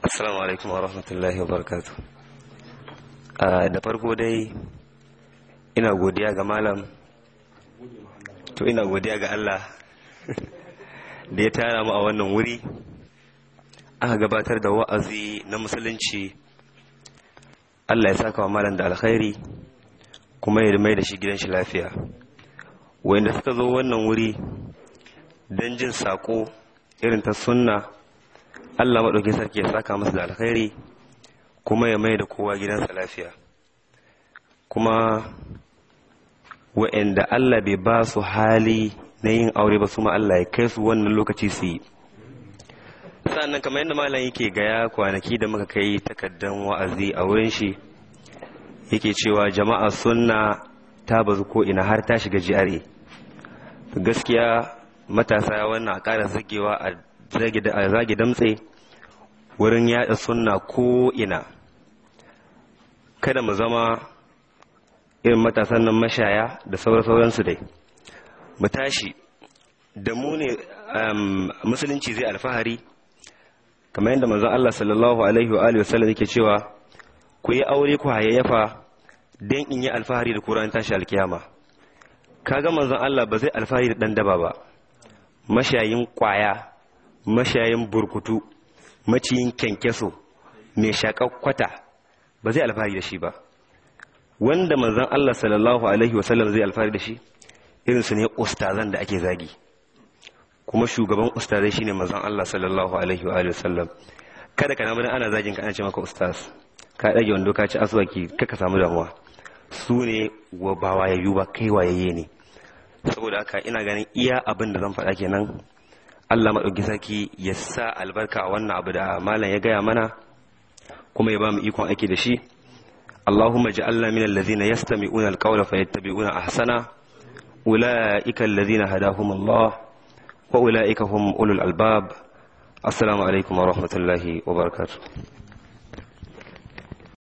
Assalamu alaikum wa rahmatullahi wa barakatu. Da farko dai ina godiya ga malam, to ina godiya ga Allah da ya tara mu a wannan wuri, aka gabatar da wa'azi na musulunci Allah ya saka wa malam da alkhairi kuma ya mai da shi gidan shi lafiya. wanda suka zo wannan wuri don jin saƙo irin ta sunna Allah maɗauki sarki ya saka masu da alkhairi kuma ya mai da kowa gidansa lafiya kuma wa'anda Allah bai ba su hali na yin aure ba su ma Allah ya kai su wannan lokaci su yi sannan kamar yadda malam yake gaya kwanaki da muka kai takaddan wa'azi a wurin shi yake cewa jama'a sunna ta bazu ko ina har ta shiga GRA gaskiya matasa wannan a ƙara zagewa a zage damtse wurin yada sunna ko ina kada mu zama irin matasan nan mashaya da sauransu dai mu tashi da mu ne um, musulunci zai alfahari kamar yadda manzon Allah sallallahu alaihi wa alihi wasallam yake cewa ku yi aure ku hayayyafa Don in yi alfahari da kuran tashi alkiyama ka ga manzon Allah ba zai alfahari da dan daba ba mashayin kwaya mashayin burkutu maciyin kyankyaso mai kwata ba zai alfahari da shi ba wanda manzon Allah sallallahu alaihi wasallam zai alfahari da shi irin su ne ustazan da ake zagi kuma shugaban ustazai shine manzon Allah sallallahu alaihi wasallam kada ka namu ana zagin ka ana ce maka ustaz ka ɗage wando ka ci aswaki kaka samu damuwa su ne ba yayu ba kai wayayye ne saboda aka ina ganin iya abin da zan faɗa kenan Allah maɗauki sarki ya sa albarka a wannan abu da malam ya gaya mana kuma ya ba mu ikon aiki da shi Allahumma ja'alna min allazina yastami'una alqawla fayattabi'una ahsana ulaika allazina hadahum Allah wa ulaika hum ulul albab assalamu alaikum wa rahmatullahi wa barakatu.